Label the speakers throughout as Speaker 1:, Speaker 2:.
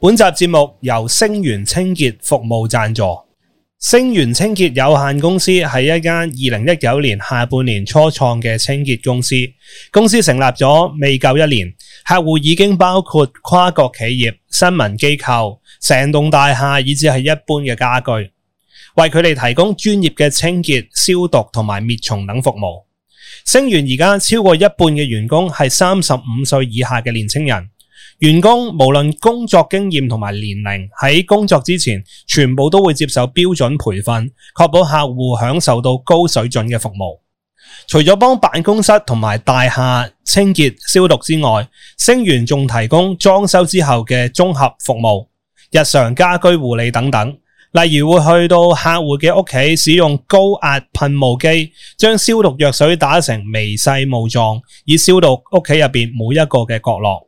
Speaker 1: 本集節目由源潔星源清潔服務贊助。星源清潔有限公司係一間二零一九年下半年初創嘅清潔公司。公司成立咗未夠一年，客戶已經包括跨國企業、新聞機構、成棟大廈以至係一般嘅家具，為佢哋提供專業嘅清潔、消毒同埋滅蟲等服務。星源而家超過一半嘅員工係三十五歲以下嘅年輕人。員工,無論工作經驗同埋年齡,喺工作之前,全部都會接受標準培訓,確保客戶享受到高水準嘅服務。除咗幫辦公室同埋大廈清潔消毒之外,星源仲提供裝修之後嘅綜合服務,日常家居護理等等,例如會去到客戶嘅屋企使用高壓噴霧機,將消毒藥水打成微細霧狀,以消毒屋企入面每一個嘅角落。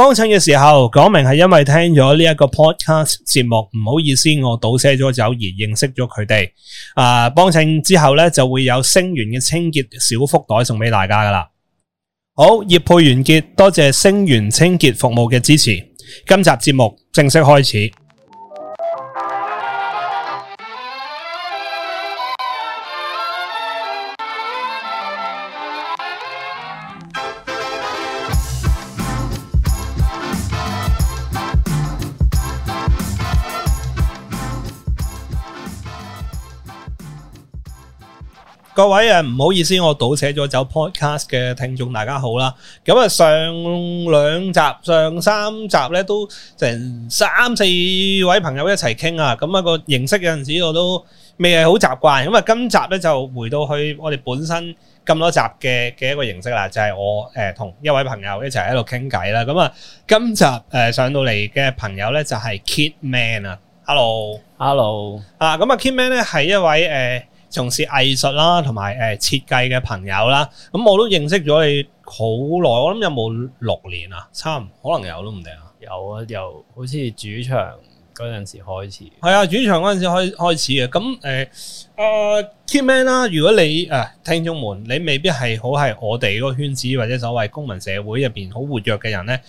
Speaker 1: 幫襯嘅時候，講明係因為聽咗呢一個 podcast 節目，唔好意思，我倒車咗走而認識咗佢哋。啊，幫襯之後呢，就會有星源嘅清潔小福袋送俾大家噶啦。好，業配完結，多謝星源清潔服務嘅支持。今集節目正式開始。各位啊，唔好意思，我倒寫咗走 podcast 嘅聽眾，大家好啦。咁啊，上兩集、上三集咧，都成三四位朋友一齊傾啊。咁啊，個形式有陣時，我都未係好習慣。咁啊，今集咧就回到去我哋本身咁多集嘅嘅一個形式啦，就係、是、我誒同、呃、一位朋友一齊喺度傾偈啦。咁、呃就是、Hello. 啊，今集誒上到嚟嘅朋友咧就係 Kit Man 啊，Hello，Hello，啊，咁啊，Kit Man 咧係一位誒。呃從事藝術啦，同埋誒設計嘅朋友啦，咁、嗯、我都認識咗你好耐。我諗有冇六年啊？差唔多可能有都唔定啊。有啊，由好似主場嗰陣時開始。係啊，主場嗰陣時開開始嘅。咁誒、呃啊，Kit Man 啦、啊。如果你誒、呃、聽眾們，你未必係好係我哋嗰個圈子或者所謂公民社會入邊好活躍嘅人咧。誒、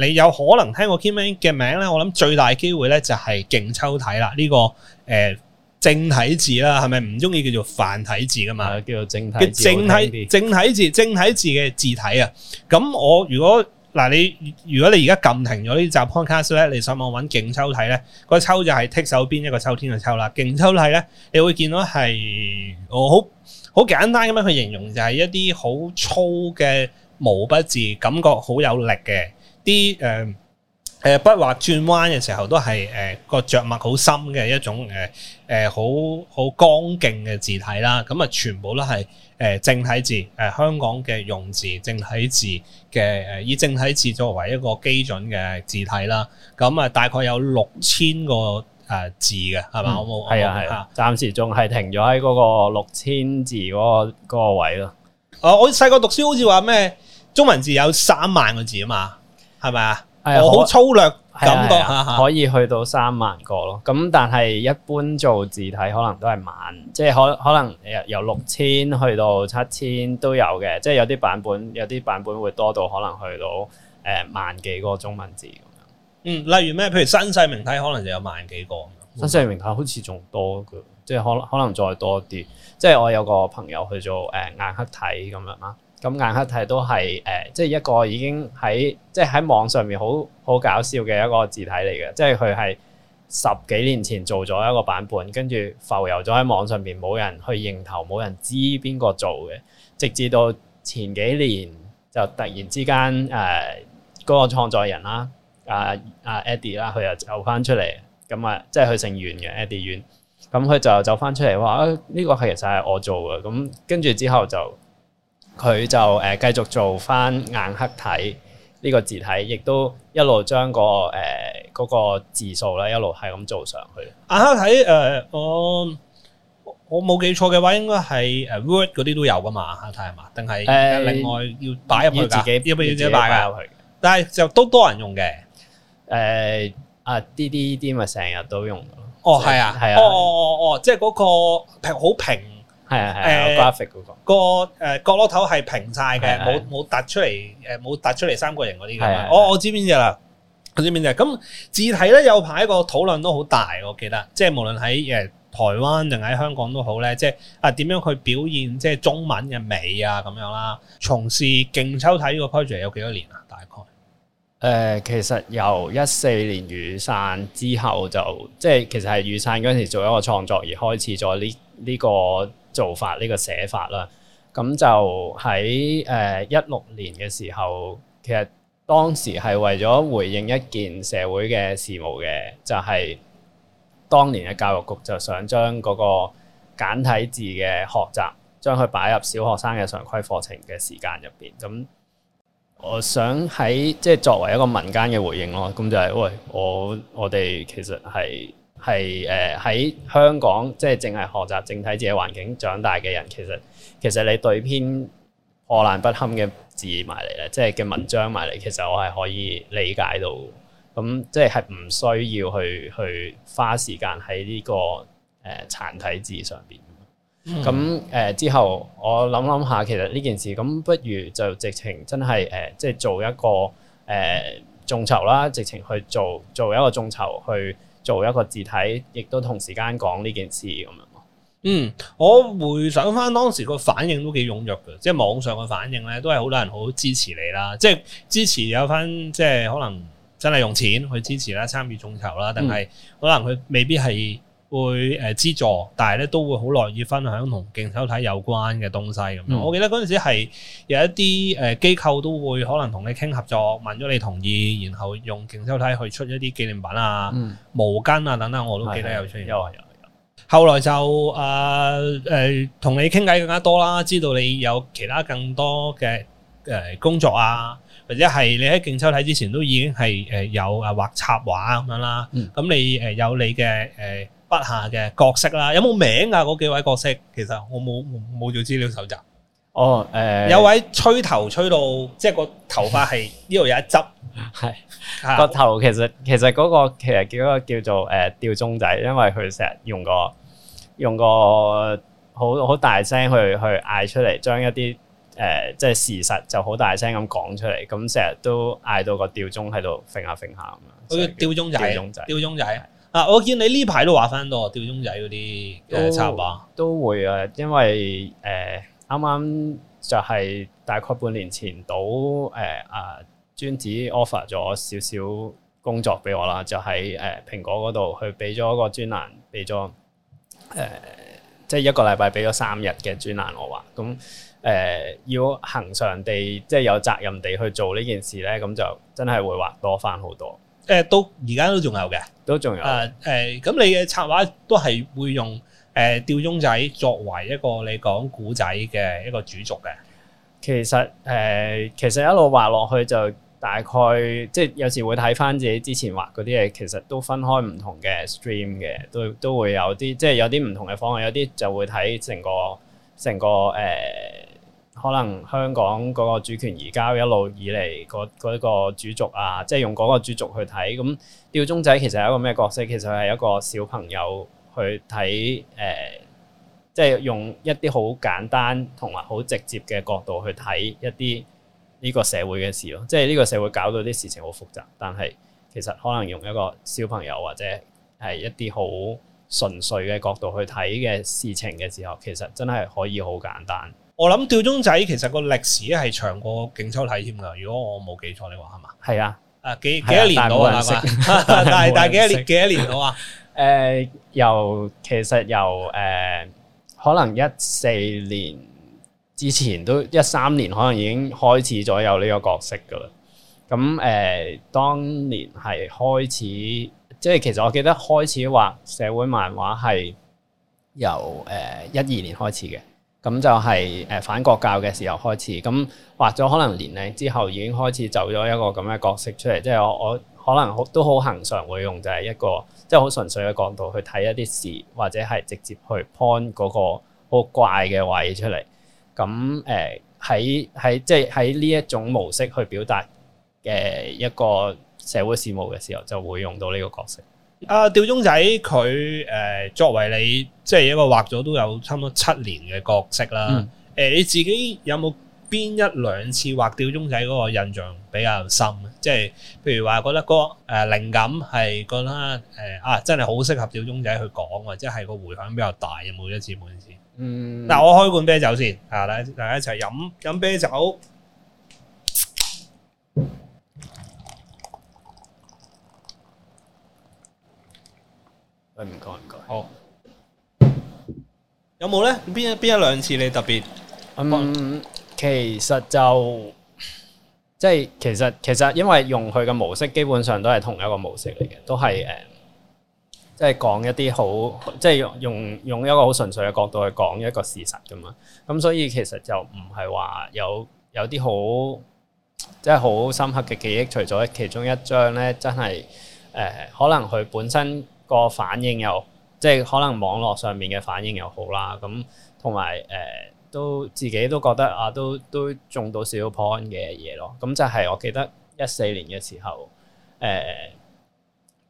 Speaker 1: 呃，你有可能聽過 Kit Man 嘅名咧？我諗最大機會咧就係勁揪體啦。呢、這個誒。呃正體字啦，係咪唔中意叫做繁體字㗎嘛？叫做正體字。正體正體字，正體字嘅字體啊。咁我如果嗱，你如果你而家撳停咗呢集 Podcast 咧，你上網揾勁揪體咧，個揪就係剔手邊一個秋天嘅揪啦。勁揪體咧，你會見到係我好好簡單咁樣去形容，就係一啲好粗嘅毛筆字，感覺好有力嘅啲誒。誒，筆畫轉彎嘅時候都係誒個着墨好深嘅一種誒誒好好剛勁嘅字體啦。咁啊，全部都係誒、呃、正體字，誒、呃、香港嘅用字正體字嘅誒、呃、以正體字作為一個基準嘅字體啦。咁啊，大概有六千個誒、呃、字嘅，係咪？我冇係啊係啊，暫時仲係停咗喺嗰個六千字
Speaker 2: 嗰、嗰個、
Speaker 1: 嗰個位咯。哦、呃，我細個讀書好似話咩，中文字有三萬個字啊嘛，係咪啊？我好粗
Speaker 2: 略感覺、啊啊啊，可以去到三萬個咯。咁但係一般做字體可能都係萬，即係可可能由六千去到七千都有嘅。即係有啲版本，有啲版本會多到可能去到萬幾個中文字咁
Speaker 1: 樣。嗯，例如咩？譬如新細明體可能就有萬幾個。
Speaker 2: 新細明體好似仲多嘅，即係可能可能再多啲。即係我有個朋友去做眼、呃、硬黑體咁樣啦。咁硬黑體都係、呃、即係一個已經喺即係喺網上面好好搞笑嘅一個字體嚟嘅，即係佢係十幾年前做咗一個版本，跟住浮遊咗喺網上面，冇人去認頭，冇人知邊個做嘅，直至到前幾年就突然之間嗰、呃嗰個創作人啦，阿、啊啊、Eddie 啦，佢又走翻出嚟，咁啊即係佢姓袁嘅 Eddie 袁，咁、嗯、佢就走翻出嚟話呢個其實係我做嘅，咁跟住之後就。佢就誒繼續做翻硬黑體呢個字體，亦都一路將、嗰個誒嗰、嗰個、字數咧一路係咁做上去硬。
Speaker 1: 硬黑體誒，我我冇記錯嘅話，應該係誒 Word 嗰啲都有噶嘛？黑體係嘛？定係誒另外要擺入去、呃、自己，要唔要自己擺入去？去但係就都多人用嘅。誒、呃、啊
Speaker 2: 啲啲啲咪成日都用哦係啊係啊。係啊哦
Speaker 1: 哦哦,哦,哦，即係嗰個好平好平。係啊，誒 graphic 嗰個個誒角落頭係平晒嘅，冇冇突出嚟，誒冇突出嚟三角形嗰啲嘅。我知隻我知邊嘢啦，知邊嘢。咁字體咧有排個討論都好大，我記得，即係無論喺誒台灣定喺香港都好咧，即係啊點樣去表現即係中文嘅美啊咁樣啦。從事勁揪體呢個 project 有幾多年啊？大概
Speaker 2: 誒、呃，其實由一四年雨傘之後就即係其實係雨傘嗰陣時做一個創作而開始咗呢。呢個做法，呢個寫法啦，咁就喺誒一六年嘅時候，其實當時係為咗回應一件社會嘅事務嘅，就係當年嘅教育局就想將嗰個簡體字嘅學習，將佢擺入小學生嘅常規課程嘅時間入邊。咁我想喺即係作為一個民間嘅回應咯，咁就係喂我我哋其實係。係誒喺香港，即係淨係學習正體字嘅環境長大嘅人，其實其實你對篇破爛不堪嘅字埋嚟咧，即係嘅文章埋嚟，其實我係可以理解到，咁即係係唔需要去去花時間喺呢、這個誒、呃、殘體字上邊。咁誒、嗯呃、之後，我諗諗下，其實呢件事，咁不如就直情真係誒、呃，即係做一個誒、呃、眾籌啦，直情去做做一個眾籌
Speaker 1: 去。做一個字體，亦都同時間講呢件事咁樣。嗯，我回想翻當時個反應都幾踴躍嘅，即係網上嘅反應咧，都係好多人好支持你啦，即係支持有翻，即係可能真係用錢去支持啦，參與眾籌啦，但係可能佢未必係。會誒資助，但係咧都會好樂意分享同勁揪體有關嘅東西咁。我記得嗰陣時係有一啲誒機構都會可能同你傾合作，問咗你同意，然後用勁揪體去出一啲紀念品啊、毛巾啊等等，我都記得有出現。後來就誒誒同你傾偈更加多啦，知道你有其他更多嘅誒工作啊，或者係你喺勁揪體之前都已經係誒有誒畫插畫咁樣啦。咁你誒有你嘅誒。呃下嘅角色啦，有冇名啊？嗰幾位角色，其實我冇冇做資料搜集。哦，誒，有位吹頭吹到，即係個頭髮係呢度有一執，係個頭
Speaker 2: 其實其實嗰、嗰個其實叫個叫，叫做誒、呃、吊鐘仔，因為佢成日用個用個好好大聲去去嗌出嚟，將一啲誒、呃、即係事實就好大聲咁講出嚟，咁成日都嗌到個吊鐘喺度揈下揈下咁啊，就係、吊鐘仔吊鐘仔
Speaker 1: 吊鐘仔。啊！我見你呢排都畫翻多吊鐘仔嗰啲、呃，都插畫
Speaker 2: 都會啊，因為誒啱啱就係大概半年前到誒、呃、啊尊子 offer 咗少少工作俾我啦，就喺誒、呃、蘋果嗰度，去俾咗個專欄，俾咗誒即係一個禮拜俾咗三日嘅專欄我畫，咁誒、呃、要恒常地即係、就是、有責任
Speaker 1: 地去做呢件事咧，咁就真係會畫多翻好多。誒、呃、都而家都仲有嘅，呃呃、都仲有啊！誒咁你嘅插畫都係會用誒、呃、吊鐘仔作為一個你講古仔嘅一個主軸嘅？
Speaker 2: 其實誒、呃，
Speaker 1: 其實一
Speaker 2: 路畫落去就大概，即係有時會睇返自己之前畫嗰啲嘢，其實都分開唔同嘅 stream 嘅，都都會有啲即係有啲唔同嘅方向，有啲就會睇成個成個誒。呃可能香港嗰個主權移交一路以嚟嗰個主族啊，即係用嗰個主族去睇，咁吊鐘仔其實係一個咩角色？其實係一個小朋友去睇，誒、呃，即係用一啲好簡單同埋好直接嘅角度去睇一啲呢個社會嘅事咯。即係呢個社會搞到啲事情好複雜，但係其實可能用一個小朋友或者係一啲好純粹嘅角度去睇嘅事情嘅時候，其實
Speaker 1: 真係可以好簡單。我諗吊鐘仔其實個歷史係長過勁揪體添噶，如果我冇記錯，你話係嘛？係啊，啊幾幾多年到啊？大大幾多年幾多年
Speaker 2: 到啊？誒、 呃，由其實由誒、呃、可能一四年之前都一三年，可能已經開始咗有呢個角色噶啦。咁誒、呃、當年係開始，即係其實我記得開始畫社會漫畫係由誒、呃、一二年開始嘅。咁就係反國教嘅時候開始，咁畫咗可能年零之後已經開始走咗一個咁嘅角色出嚟，即係我我可能好都好恒常會用就係一個即係好純粹嘅角度去睇一啲事，或者係直接去 point 嗰個好怪嘅位出嚟。咁喺喺即係喺呢一種模式去表達
Speaker 1: 嘅一個社會事
Speaker 2: 務嘅時候，就會用到呢個角色。
Speaker 1: 啊！吊鐘仔佢誒、呃，作為你即係一個畫咗都有差唔多七年嘅角色啦。誒、嗯呃，你自己有冇邊一兩次畫吊鐘仔嗰個印象比較深？即係譬如話覺得嗰、嗰個誒靈、呃、感係覺得誒、呃、啊，真係好適合吊鐘仔去講或者係個回響比較大嘅每一次每一次。一次嗯。嗱，我開罐啤酒先，吓，大家大家一齊飲飲啤酒。
Speaker 2: 唔該唔該，
Speaker 1: 好，有冇咧？邊
Speaker 2: 一邊一兩次你特別？嗯，其實就即係其實其實因為用佢嘅模式，基本上都係同一個模式嚟嘅，都係誒，即係講一啲好，即係用用用一個好純粹嘅角度去講一個事實噶嘛。咁所以其實就唔係話有有啲好即係好深刻嘅記憶，除咗其中一張咧，真係誒、呃，可能佢本身。個反應又即係可能網絡上面嘅反應又好啦，咁同埋誒都自己都覺得啊，都都中到少少 point 嘅嘢咯。咁就係我記得一四年嘅時候，誒、呃、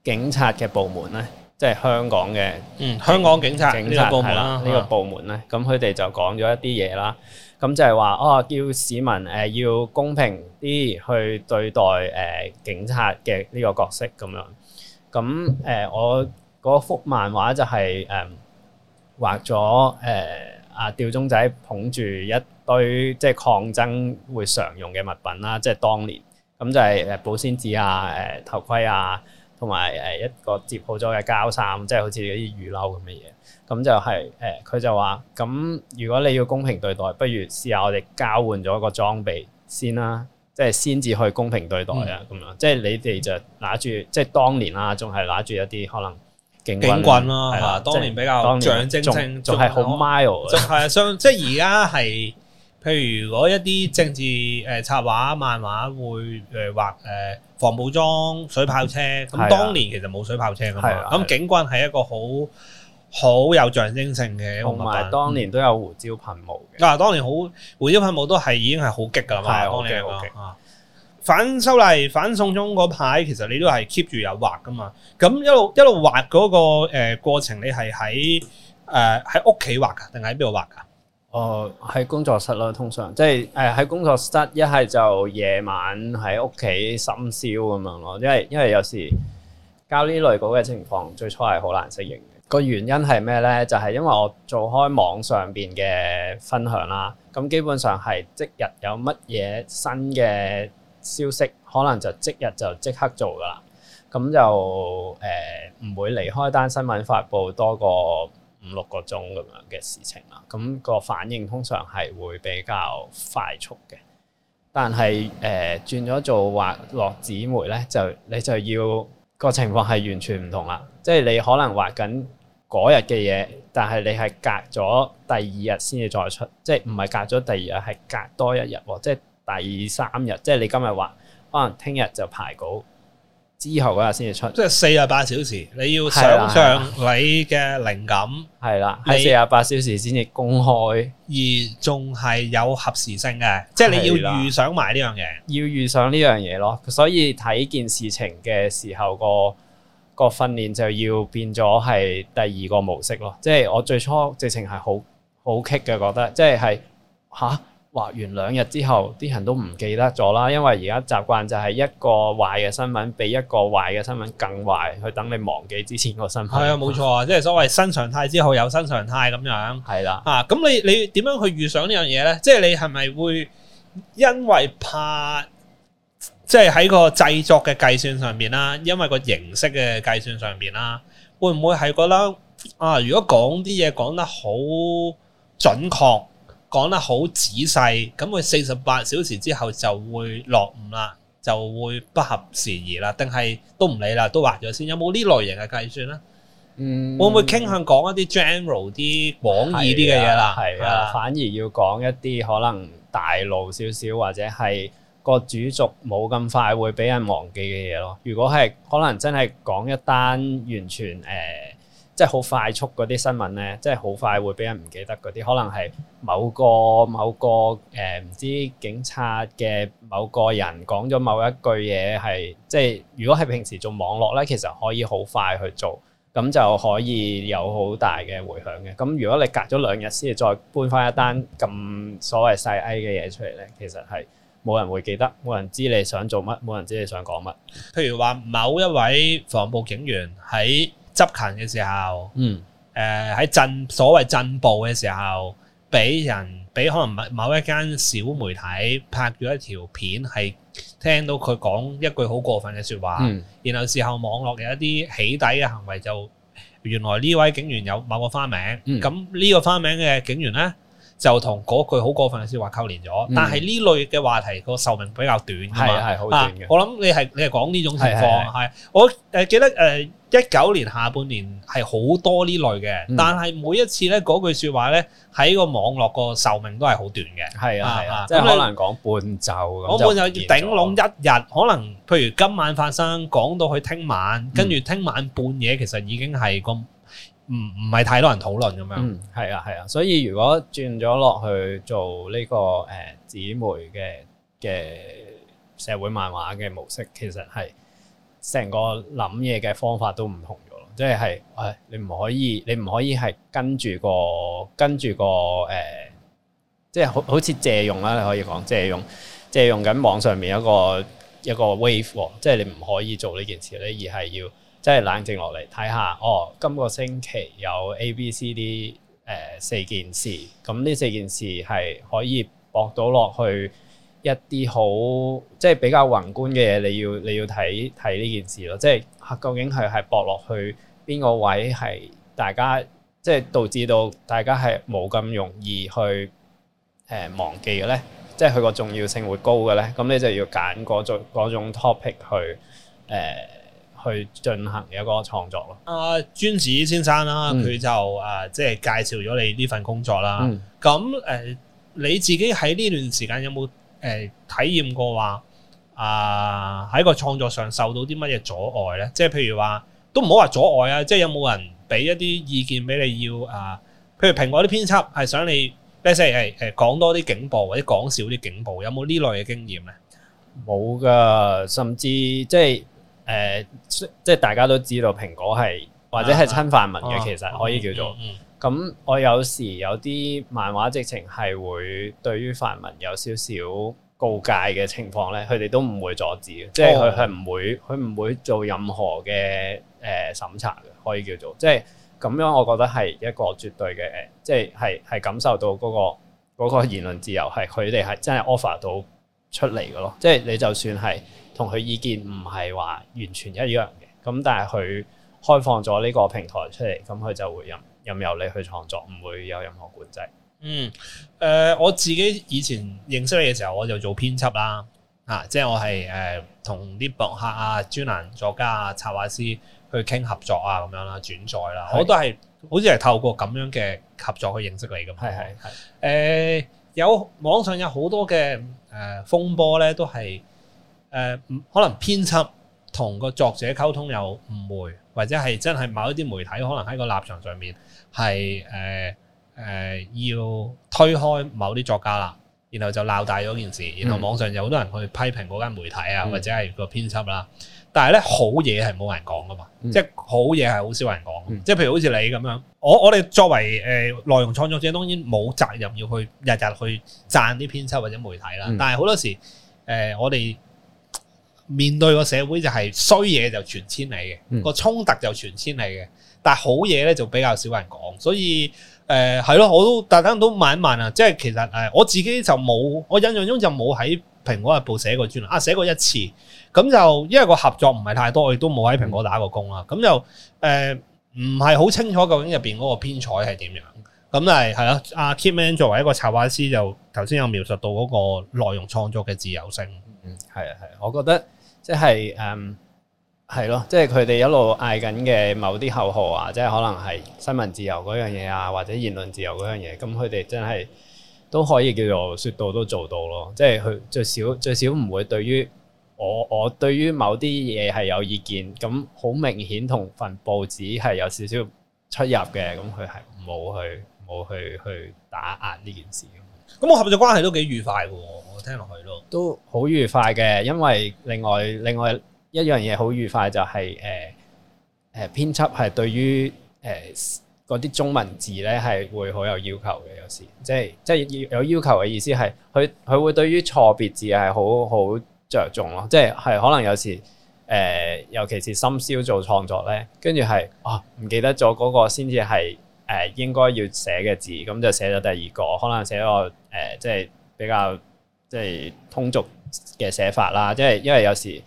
Speaker 2: 警察嘅部門咧，即係香港嘅，嗯，香港警察警察部門啦，呢個部門咧，咁佢哋就講咗一啲嘢啦。咁就係話哦，叫市民誒、呃、要公平啲去對待誒、呃、警察嘅呢個角色咁樣。咁誒、呃，我嗰、那個、幅漫畫就係、是、誒、呃、畫咗誒阿吊鐘仔捧住一堆即係抗爭會常用嘅物品啦，即係當年咁就係誒保鮮紙啊、誒、呃、頭盔啊，同埋誒一個摺好咗嘅膠衫，即係好似啲雨褸咁嘅嘢。咁就係誒佢就話：咁如果你要公平對待，不如試下我哋交換咗個裝備先啦。即係先至去公平對待啊！咁樣、嗯、即係你哋就拿住即係當年啦，仲係拿住一啲
Speaker 1: 可能警棍咯，係啊，當年比較長正仲係好 mild，即係相即係而家係，譬如攞一啲政治誒插畫漫畫會誒畫、呃、防暴裝水炮車，咁、嗯、當年其實冇水炮車㗎嘛，咁警棍係一個好。好有象徵性嘅，同埋當年都有胡椒噴霧嘅。嗱、嗯啊，當年好胡椒噴霧都係已經係好激噶啦嘛。好激。反修例、反送中嗰排，其實你都係 keep 住有畫噶嘛。咁一路一路畫嗰那個誒、呃、過程你是，你係喺誒喺屋企畫噶，定係喺邊度畫噶哦，喺、呃、工作室咯，通常即係誒喺工作室，一係就夜
Speaker 2: 晚喺屋企深宵咁樣咯。因為因為有時交呢類稿嘅情況，最初係好難適應的。個原因係咩咧？就係、是、因為我做開網上邊嘅分享啦，咁基本上係即日有乜嘢新嘅消息，可能就即日就即刻做噶啦。咁就誒唔、呃、會離開單新聞發布多過五六個鐘咁樣嘅事情啦。咁、那個反應通常係會比較快速嘅，但係誒轉咗做畫落紙媒咧，就你就要、這個情況係完全唔同啦。即係你可能畫緊。嗰日嘅嘢，但係你係隔咗第二日先至再出，即係唔係隔咗第二日係隔多一日，即係第三日，即係你今日話可能聽日就排稿，之後嗰日先至出，即係四十八小時，
Speaker 1: 你要想象你嘅靈感係啦，喺四十八小時先至公開，而仲係有合時性嘅，即係你要預想埋呢樣嘢，遇上
Speaker 2: 要預想呢樣嘢咯，所以睇件事情嘅時候個。個訓練就要變咗係第二個模式咯，即係我最初直情係好好棘嘅，覺得即係係吓畫完兩日之後，啲人都唔記得咗啦，因為而家習慣就係一個壞嘅新聞比一個壞嘅新聞更壞，去等你忘記
Speaker 1: 之前個新聞。係啊，冇錯啊，即係所謂新常態之後有新常態咁樣，係啦是的 啊，咁你你點樣去預想呢樣嘢咧？即係你係咪會因為怕？即係喺個製作嘅計算上面啦，因為個形式嘅計算上面啦，會唔會係覺得啊？如果講啲嘢，講得好準確，講得好仔細，咁佢四十八小時之後就會落伍啦，就會不合時宜啦？定係都唔理啦，都畫咗先？有冇呢類型嘅計算啦？嗯，會唔會傾向講一啲 general 啲廣義啲嘅嘢啦？係啊，的反
Speaker 2: 而要講一啲可能大路少少或者係、嗯。個主軸冇咁快會俾人忘記嘅嘢咯。如果係可能真係講一單完全誒，即係好快速嗰啲新聞咧，即係好快會俾人唔記得嗰啲。可能係某個某個誒，唔知警察嘅某個人講咗某一句嘢，係即係如果係平時做網絡咧，其實可以好快去做，咁就可以有好大嘅迴響嘅。咁如果你隔咗兩日先至再搬翻一單咁所謂細 A 嘅嘢出嚟咧，其實係。冇人會記得，冇人知
Speaker 1: 你想做乜，冇人知你想講乜。譬如話，某一位防暴警員喺執勤嘅時候，
Speaker 2: 嗯，
Speaker 1: 誒喺鎮所謂鎮暴嘅時候，俾人俾可能某一間小媒體拍咗一條片，係聽到佢講一句好過分嘅說話，嗯、然後事後網絡有一啲起底嘅行為就，就原來呢位警員有某個花名，咁呢、嗯、個花名嘅警員呢？就同嗰句好過分嘅說話扣連咗，但係呢類嘅話題個壽命比較短係好短嘅。我諗你係你係講呢種情況係，我誒記得誒一九年下半年係好多呢類嘅，但係每一次咧嗰句說話咧喺個網絡個壽命都係好短嘅。係啊係啊，即係可能講半晝，我半晝要頂籠一日，可能譬如今晚發生，講到去聽晚，跟住聽晚半夜其實已經係咁。唔唔係太多人討論咁樣，係、嗯、啊係啊，所以如果
Speaker 2: 轉咗落去做呢、這個誒姊、呃、妹嘅嘅社會漫畫嘅模式，其實係成個諗嘢嘅方法都唔同咗，即係誒你唔可以，你唔可以係跟住個跟住個誒，即、呃、係、就是、好好似借用啦，你可以講借用借用緊網上面一個一個 wave，即、喔、係、就是、你唔可以做呢件事咧，而係要。即係冷靜落嚟睇下看看，哦，今個星期有 A、B、呃、C、D 四件事，咁呢四件事係可以駁到落去一啲好即係比較宏觀嘅嘢，你要你要睇睇呢件事咯，即係究竟係係駁落去邊個位係大家即係導致到大家係冇咁容易去誒、呃、忘記嘅咧，即係佢個重要性會高嘅咧，咁你就要揀
Speaker 1: 嗰種嗰種 topic 去誒。呃去進行嘅一個創作咯。阿尊子先生啦、啊，佢、嗯、就誒、啊，即係介紹咗你呢份工作啦、啊。咁誒、嗯呃，你自己喺呢段時間有冇誒、呃、體驗過話啊？喺、呃、個創作上受到啲乜嘢阻礙咧？即係譬如話，都唔好話阻礙啊！即係有冇人俾一啲意見俾你要啊？譬如蘋果啲編輯係想你，即係誒誒，講多啲警暴或者講少啲警暴，有冇呢類嘅經驗咧？
Speaker 2: 冇噶，甚至即係。就是誒、呃、即係大家都知道，蘋果係或者係親泛民嘅，啊、其實可以叫做咁。嗯嗯嗯，我有時有啲漫畫直情係會對於泛民有少少告誡嘅情況咧，佢哋都唔會阻止嘅，哦、即係佢係唔會，佢唔會做任何嘅誒、呃、審查嘅，可以叫做即係咁樣。我覺得係一個絕對嘅誒，即係係係感受到嗰、嗰個嗰個言論自由係佢哋係真係 offer 到出嚟嘅咯，即係你就算係，同佢意見唔係話完全一樣嘅，咁但係佢開放咗呢個平台出嚟，咁佢就會任任由你去創作，唔會有任何管制。
Speaker 1: 嗯、呃，我自己以前認識你嘅時候，我就做編輯啦，啊、即係我係同啲博客啊、專欄作家啊、插畫師去傾合作啊咁樣啦、轉載啦，是我都係好似係透過咁樣嘅合作去認識你咁。係係係。誒、有網上有好多嘅誒、呃、風波咧，都係。誒、呃，可能編輯同個作者溝通有誤會，或者係真係某一啲媒體可能喺個立場上面係誒誒要推開某啲作家啦，然後就鬧大咗件事，然後網上有好多人去批評嗰間媒體啊，或者係個編輯啦。但係咧，好嘢係冇人講噶嘛，即係，嗯、好嘢係好少人講。嗯、即係譬如好似你咁樣，我我哋作為誒、呃、內容創作者，當然冇責任要去日日去讚啲編輯或者媒體啦。嗯、但係好多時誒、呃，我哋面對個社會就係衰嘢就傳千里嘅，個、嗯、衝突就傳千里嘅，但係好嘢咧就比較少人講，所以誒係咯，我都大家都問一問啊，即係其實誒我自己就冇，我印象中就冇喺蘋果日報寫過專欄啊，寫過一次，咁就因為個合作唔係太多，亦都冇喺蘋果打過工啦，咁、嗯、就誒唔係好清楚究竟入邊嗰個編採係點樣，咁係係咯，阿 Kit Man 作為一個插畫師，就頭先有描述到嗰個內容創作嘅自由性，嗯係
Speaker 2: 啊係，我覺得。即係誒，係、嗯、咯，即係佢哋一路嗌緊嘅某啲口號啊，即係可能係新聞自由嗰樣嘢啊，或者言論自由嗰樣嘢，咁佢哋真係都可以叫做說到都做到咯。即係佢最少最少唔會對於我我對於某啲嘢係有意見，咁好明顯同份報紙係有少少出入嘅，咁佢係
Speaker 1: 冇去冇去去打壓呢件事。
Speaker 2: 咁我合作關係都幾愉
Speaker 1: 快嘅。聽落去
Speaker 2: 咯，都好愉快嘅。因為另外另外一樣嘢好愉快就係誒誒，編輯係對於誒嗰啲中文字咧係會好有要求嘅。有時即係即係有要求嘅意思係，佢佢會對於錯別字係好好着重咯。即係係可能有時誒、呃，尤其是深宵做創作咧，跟住係啊唔記得咗嗰個先至係誒應該要寫嘅字，咁就寫咗第二個，可能寫個誒、呃、即係比較。即係通俗嘅寫法啦，即係因為有時誒、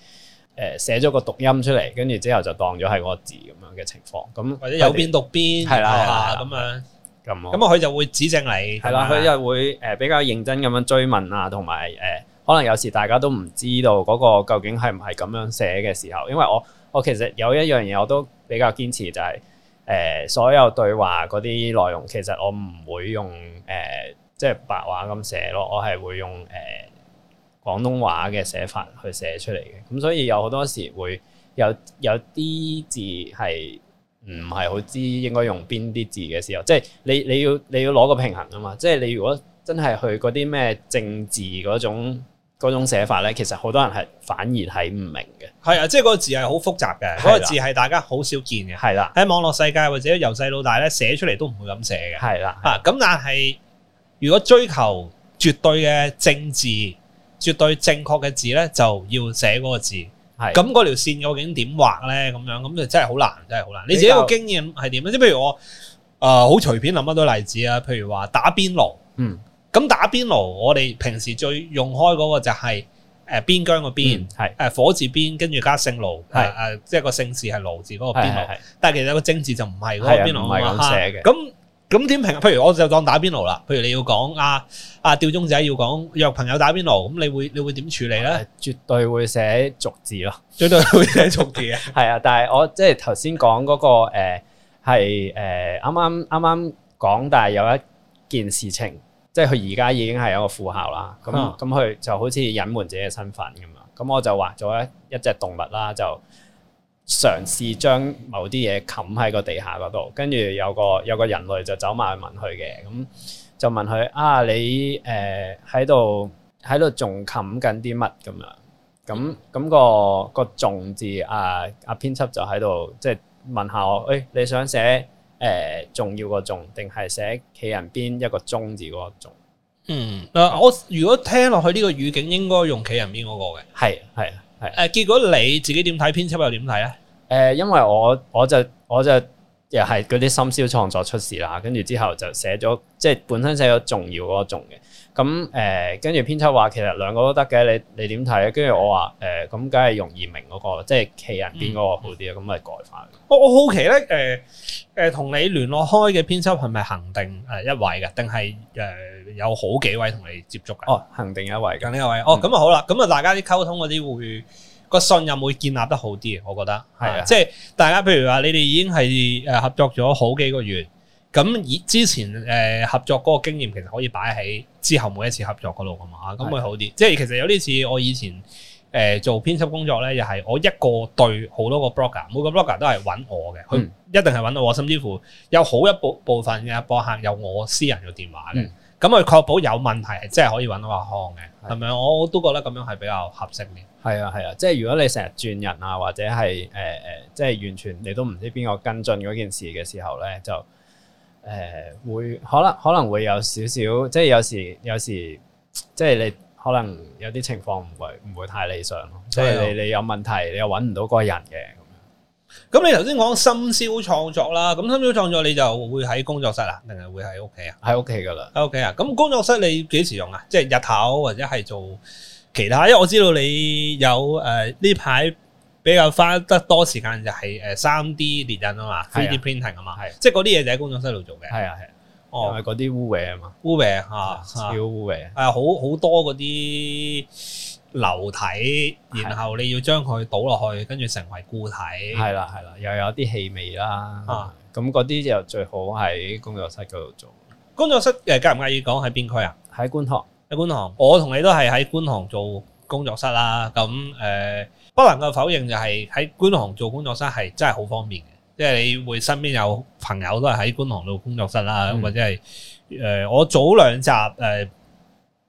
Speaker 2: 呃、寫咗個讀音出嚟，跟住之後就當咗係嗰個字咁樣嘅情
Speaker 1: 況。咁或者有邊讀邊係啦，咁樣咁咁啊，佢就會指正你係啦。佢
Speaker 2: 又會誒、呃、比較認真咁樣追問啊，同埋誒可能有時大家都唔知道嗰個究竟係唔係咁樣寫嘅時候。因為我我其實有一樣嘢我都比較堅持，就係，就係誒所有對話嗰啲內容，其實我唔會用誒，呃即係白話咁寫咯，我係會用誒廣東話嘅寫法去寫出嚟嘅，咁所以有好多時會有有啲字係唔係好知應該用邊啲字嘅時候，即係你你要你要攞個平衡啊嘛，即係你如果真係去嗰啲咩政治嗰種嗰種寫法咧，其實好多人係反而睇唔明
Speaker 1: 嘅。係啊，即係嗰個字係好複雜嘅，嗰個字係大家好少見嘅，係啦。喺網絡世界或者由細到大咧寫出嚟都唔會咁寫嘅，係啦啊咁但係。如果追求絕對嘅正字，絕對正確嘅字咧，就要寫嗰個字。係咁嗰條線究竟點畫咧？咁樣咁就真係好難，真係好難比較 你自己個經驗係點咧？即譬如我誒好、呃、隨便諗多啲例子啊，譬如話打邊爐。嗯，咁打邊爐，我哋平時最用開嗰個就係、是、誒、呃、邊疆個邊，嗯、火字邊，跟住加姓盧，係是、呃、即係個姓氏係盧字嗰個邊爐。但係其實個正字就唔係嗰個邊爐啊嘛。咁咁點評，啊？譬如我就當打邊爐啦。譬如你要講啊啊吊鐘仔，要講約朋友打邊爐，咁你會你會點處理咧？絕對會寫俗字咯， 絕對會寫俗字啊！係啊，但係我即係頭先講嗰個
Speaker 2: 誒係啱啱啱啱講，但、呃、係、呃、有一件事情，即係佢而家已經係一個副校啦。咁咁佢就好似隱瞞自己嘅身份咁啊。咁我就畫咗一一隻動物啦，就。嘗試將某啲嘢冚喺個地下嗰度，跟住有個有個人類就走埋去問佢嘅，咁、嗯、就問佢啊，你誒喺度喺度仲冚緊啲乜咁樣？咁、呃、咁、嗯嗯那個個重字啊，阿編輯就喺度即係問下我，誒、欸，你想寫誒、呃、重要個重，定係寫企人邊一個中字嗰個重？
Speaker 1: 嗯，嗱，我如果聽落去呢個語境應該個，應該用企人邊嗰個嘅，係係。係誒、啊，結果你自己點睇？編輯又點睇咧？
Speaker 2: 誒，因為我我就我就又係嗰啲深宵創作出事啦，跟住之後就寫咗，即係本身寫咗重要嗰種嘅。咁誒，跟住編輯話，其實兩個都得嘅，你你點睇咧？跟住我話
Speaker 1: 誒，咁梗係容易明嗰、嗰個，即係企人邊個好啲啊？咁咪、嗯嗯、改翻。我我好奇咧，誒、呃、誒，同你聯絡開嘅編輯係咪恒定誒、呃、一位嘅，定係誒？呃有好幾位同你接觸嘅，哦，肯定有位，肯定一位。哦，咁啊好啦，咁啊大家啲溝通嗰啲會個信任會建立得好啲，我覺得係啊，是的即係大家譬如話你哋已經係合作咗好幾個月，咁以之前合作嗰個經驗其實可以擺喺之後每一次合作嗰度嘅嘛，咁會好啲。是的即係其實有啲似我以前、呃、做編輯工作咧，又、就、係、是、我一個對好多個 blogger，每個 blogger 都係揾我嘅，佢一定係揾到我，嗯、甚至乎有好一部部分嘅博客有我私人嘅電話嘅。嗯咁咪確保有問題即係、就是、可以搵到個康嘅，係咪是的？我都覺得咁樣係比較合適嘅。
Speaker 2: 係啊係啊，即係如果你成日轉人啊，或者係、呃、即係完全你都唔知邊個跟進嗰件事嘅時候咧，就誒、呃、可能可能會有少少，即係有時有時，即係你可能有啲情況唔會唔會太理想咯，即係是的 你
Speaker 1: 你有問題，你又
Speaker 2: 搵唔到個人嘅。
Speaker 1: 咁你頭先講深宵創作啦，咁深宵創作你就會喺工作室啦，定係會喺屋企啊？喺屋企噶啦，喺屋企啊！咁工作室你幾時用啊？即係日頭或者係做其他，因為我知道你有誒呢排比較花得多時間，就係誒三 D 列印啊嘛，三 D printing 啊嘛，係、啊、即係嗰啲嘢就喺工作室度做嘅，係啊係，啊哦，嗰啲污尾啊嘛，污尾、啊、超污尾、啊，好好多嗰啲。流體，然後你要將佢倒落去，跟住成為固體。係啦，係啦，又有啲氣味啦。啊，咁嗰啲就最好喺工作室嗰度做。工作室誒，介唔介意講喺邊區啊？喺觀塘，喺觀塘。我同你都係喺觀塘做工作室啦。咁誒、呃，不能夠否認就係喺觀塘做工作室係真係好方便嘅。即係你會身邊有朋友都係喺觀塘做工作室啦，嗯、或者係誒、呃，我早兩集誒。呃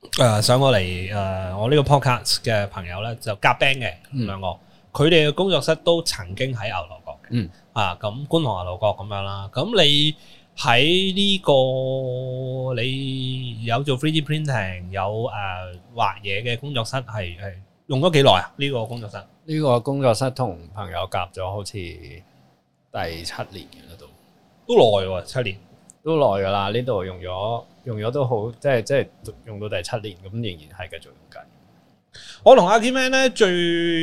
Speaker 1: 誒、呃，上過嚟誒，我呢個 Podcast 嘅朋友咧就夾 band 嘅兩個，佢哋嘅工作室都曾經喺牛頭角，嗯啊，咁觀塘牛頭角咁樣啦。咁你喺呢、這個你有做 3D printing 有誒畫嘢嘅工作室係係用咗幾耐啊？呢、這個工作室
Speaker 2: 呢個工作室同朋
Speaker 1: 友夾咗好似
Speaker 2: 第七年嘅都都耐喎，七年都耐噶啦，呢度用咗。用咗都好，即係即係用到第七年，咁仍然係繼續用緊。
Speaker 1: 我同阿 Kit Man 咧最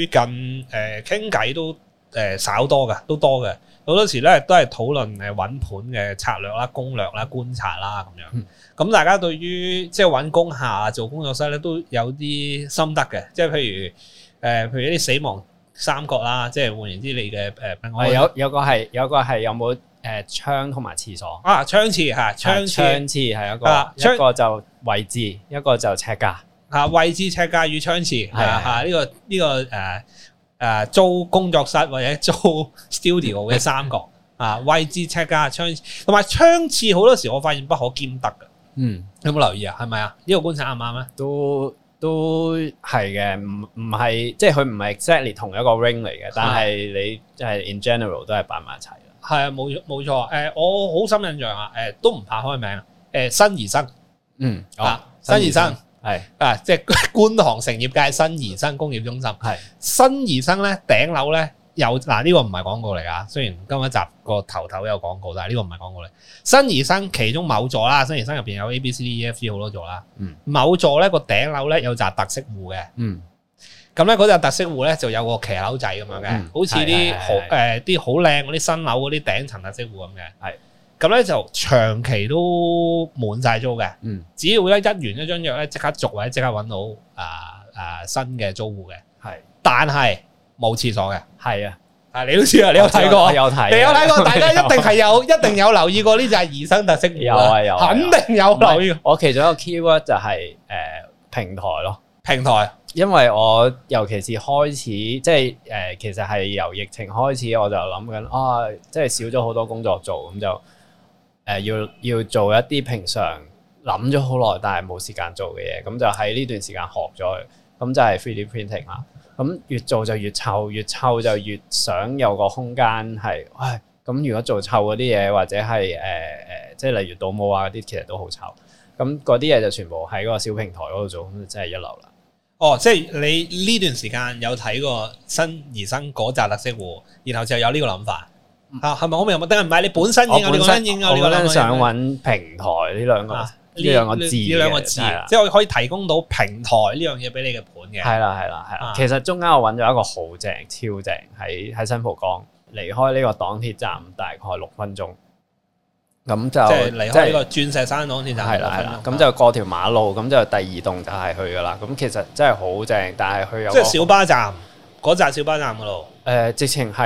Speaker 1: 近誒傾偈都誒、呃、少多噶，都多嘅。好多時咧都係討論誒搵盤嘅策略啦、攻略啦、觀察啦咁樣。咁、嗯、大家對於即係搵工下做工作室咧都有啲心得嘅，即係譬如誒、呃，譬如一啲死亡三角啦，即係換言之，你嘅誒，有有個係有個係有冇？
Speaker 2: 誒，窗同埋廁所
Speaker 1: 啊，窗廁係窗廁係一個，一個就位置，一個就尺價啊，位置、尺價與窗廁係啊，呢個呢個誒誒租工作室或者租 studio 嘅三角啊，位置、尺價、窗同埋窗廁好多時我發現不可兼得嘅，
Speaker 2: 嗯，
Speaker 1: 有冇留意啊？係咪啊？呢個觀察啱唔啱咧？都都係嘅，唔唔係，即
Speaker 2: 係佢唔係 exactly 同一個 ring 嚟嘅，但係你即係 in general 都係擺埋一齊。係啊，
Speaker 1: 冇冇錯，誒、呃，我好深印象啊，誒、呃，都唔怕開名、呃嗯、啊，誒，新怡生，嗯的，啊，新怡生係，啊，即係觀塘成業街新怡生工業中心，係的，新怡生咧頂樓咧有，嗱、啊、呢、這個唔係廣告嚟，啊，雖然今一集個頭頭有廣告，但係呢個唔係廣告嚟。新怡生其中某座啦，新怡生入邊有 A、B、C、D、E、F、G 好多座啦，嗯，某座咧個頂樓咧有紮特色戶嘅，嗯。咁咧嗰啲特色戶咧就有個騎樓仔咁樣嘅，好似啲好誒，啲好靚嗰啲新樓嗰啲頂層特色戶咁嘅。係咁咧就長期都滿晒租嘅。嗯，只要咧一完一張約咧，即刻續位，即刻搵到啊啊新嘅租戶嘅。係，但係冇廁所嘅。係啊，啊你都知啊，你有睇過，有睇，你有睇過，大家一定係有，一定有留意過呢？就係二生特色戶啊有有，肯定有留意。我其中一
Speaker 2: 個 keyword 就係誒平台咯，平台。因為我尤其是開始即係、呃、其實係由疫情開始，我就諗緊啊，即係少咗好多工作做，咁就要、呃、要做一啲平常諗咗好耐但係冇時間做嘅嘢，咁就喺呢段時間學咗，咁就係 3D printing 啦。咁越做就越臭，越臭就越想有個空間係，唉，咁如果做臭嗰啲嘢或者係、呃、即係例如倒模啊嗰啲，其實都好臭。咁嗰啲嘢就全部喺嗰個小平台嗰度做，咁就真係一流啦。
Speaker 1: 哦，即係你呢段時間有睇過新而生嗰扎特色戶，然後就有呢個諗法，吓係咪好明白？唔得係唔係？你本身你本身我本身想
Speaker 2: 揾平台呢兩個呢兩、啊、個，個字，呢兩個字，的的即係可以提供到平台
Speaker 1: 呢樣嘢俾你嘅盤嘅。係啦係啦係啦，的的其實
Speaker 2: 中間我揾咗一個好正超正，喺喺新蒲崗，離開呢個港鐵站大概六分鐘。
Speaker 1: 咁就即係離開呢個鑽石山港鐵站，係啦係啦。
Speaker 2: 咁對就過條馬路，咁、嗯、就第二棟就係去噶啦。咁其實真係好正，但係去有個即係小巴站，嗰
Speaker 1: 站小巴站嘅路。
Speaker 2: 誒、呃，直情係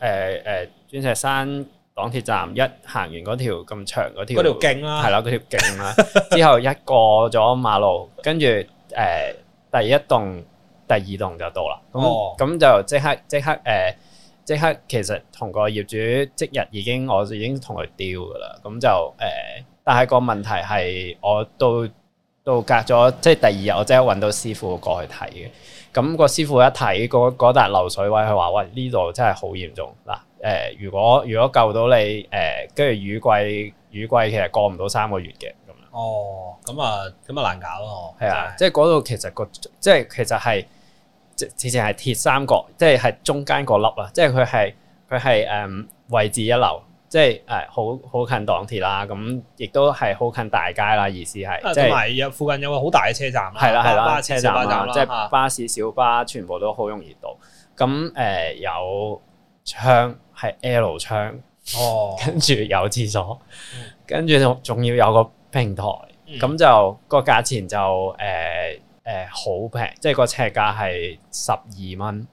Speaker 2: 誒誒鑽石山港鐵站一行完嗰條咁長嗰條，嗰條徑啦，係啦、啊，嗰條徑啦、啊。 之後一過咗馬路，跟住誒第一棟、第二棟就到啦。咁咁、哦、就即刻即刻誒。呃即刻，其實同個業主即日已經，我就已經同佢丟噶啦。咁就誒，但係個問題係，我到到隔咗即係第二日，我即刻揾到師傅過去睇嘅。咁個師傅一睇，嗰嗰笪流水位，佢話：喂，呢度真係好嚴重。嗱，誒，如果如果救到你，誒、呃，跟住雨季雨季其實過唔到三個月嘅
Speaker 1: 咁樣。哦，咁啊，咁啊難搞咯。
Speaker 2: 係啊，即係嗰度其實個，即係其實係。之前係鐵三角，即係係中間個粒啊！即係佢係佢係誒位置一流，即係誒好好近港鐵啦，咁亦都係好近大街啦。意思係，即、就、係、係啊、附近有個好大嘅車站啦，搭、啊就係啊、巴士小巴、巴士、巴士站即係、啊、巴士小巴全部都好容易到。咁誒、啊呃、有窗係 L 窗，哦，跟住有廁所，跟住仲仲要有個平台，咁、嗯、就嗰個價錢就誒。呃誒，好平，呃，即係個尺價係十二
Speaker 1: 蚊，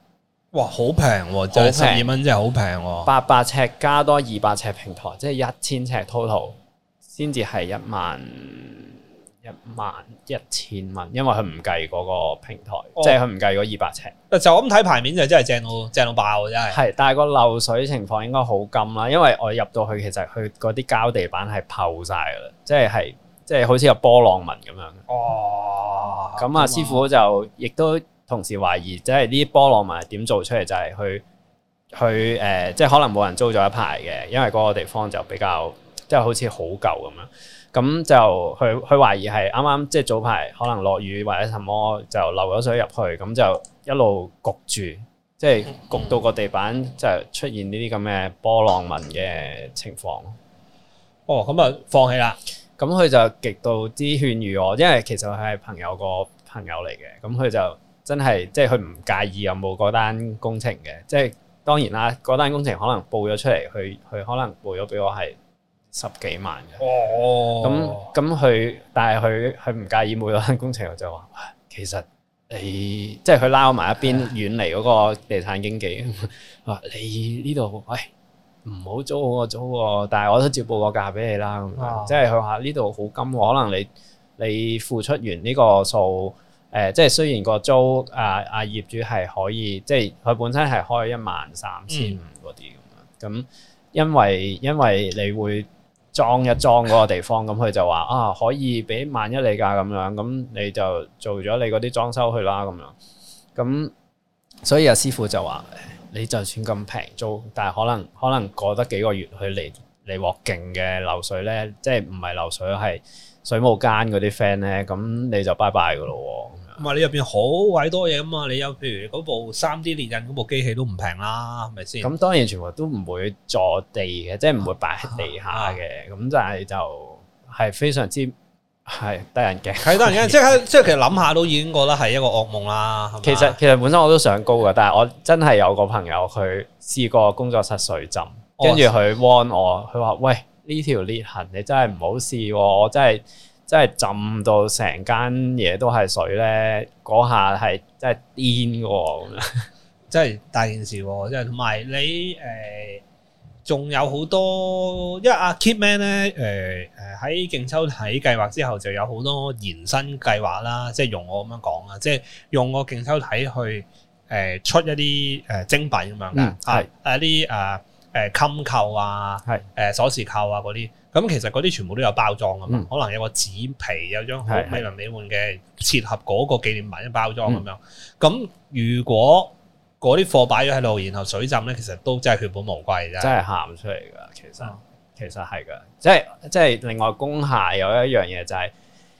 Speaker 1: 哇，好平，即係十二蚊，是真係好平。八
Speaker 2: 百尺加多二百尺平台，即係一千尺 total，先至係一萬一萬一千蚊，因為佢唔計嗰個平台，哦、即係佢唔計嗰二百尺。就咁睇牌面就真係正到正到爆，真係。係，但係個漏水情況應該好金啦，因為我入到去其實佢嗰啲膠地板係泡晒噶啦，即係係。即係好似有波浪紋咁樣。哦。咁啊，師傅就亦都同時懷疑即是這是就是、呃，即係呢啲波浪紋點做出嚟？就係佢佢誒，即係可能冇人租咗一排嘅，因為嗰個地方就比較即係好似好舊咁樣。咁就佢佢懷疑係啱啱即係早排可能落雨或者什麼就流咗水入去，咁就一路焗住，即係焗到個地板就出現呢啲咁嘅波浪紋嘅情況。哦，咁啊，放棄啦。咁佢就極度之勸喻我，因為其實佢係朋友個朋友嚟嘅。咁佢就真係，即係佢唔介意有冇嗰單工程嘅。即係當然啦，嗰單工程可能報咗出嚟，佢佢可能報咗俾我係十幾萬
Speaker 1: 嘅。哦，咁
Speaker 2: 咁佢，但係佢佢唔介意每單工程，我就話其實你，即係佢拉我埋一邊、啊、遠離嗰個地產經紀啊！你呢度，哎。唔好租我租喎，但係我都照報個價俾你啦。咁、哦、即係佢話呢度好金，可能你你付出完呢個數，誒、呃，即係雖然個租，阿、啊、阿、啊、業主係可以，即係佢本身係開一萬三千五嗰啲咁樣。咁、嗯、因為因為你會裝一裝嗰個地方，咁佢、嗯、就話啊，可以俾萬一你價咁樣，咁你就做咗你嗰啲裝修去啦。咁樣，咁所以阿師傅就話。你就算咁平租，但係可能可能過得幾個月，佢嚟嚟鑊勁嘅流水咧，即係唔係流水係水務間嗰啲 friend 咧，咁你就拜拜噶咯喎。
Speaker 1: 唔係、嗯、你入邊好鬼多嘢噶嘛，你有譬如嗰部三 D 列印，嗰部機器都唔平啦，係咪先？咁當
Speaker 2: 然全部都唔會坐地嘅，啊啊、即係唔會擺喺地下嘅，咁、啊啊、就係就係非常之。係得人驚，
Speaker 1: 係得人驚是，即係即係，其實諗下都已經覺得係一個噩夢啦。其實
Speaker 2: 其實本身我都想高㗎，但係我真係有個朋友佢試過工作室水浸，跟住佢 warn 我，佢話喂，呢條裂痕你真係唔好試，我真係真係浸到成間嘢都係水咧，嗰下係真係癲㗎，咁樣
Speaker 1: 真係大件事，即係同埋你誒。呃仲有好多，因為阿 Kit Man 咧，誒誒喺勁揪體計劃之後，就有好多延伸計劃啦，即係用我咁樣講，嗯、啊，即係用個勁揪體去誒出一啲誒精品咁樣嘅，係誒啲誒誒襟扣啊，係誒鎖匙扣啊嗰啲，咁其實嗰啲全部都有包裝噶嘛，嗯、可能有個紙皮，有一張好未能美滿嘅切合嗰個紀念品嘅包裝咁，嗯、樣。咁如果嗰啲貨擺咗喺度，然後水浸咧，其實都真係血本無歸啫，真係喊出嚟噶。其
Speaker 2: 實、哦、其實係噶，
Speaker 1: 即係即係另外工廈有一樣嘢就係、是，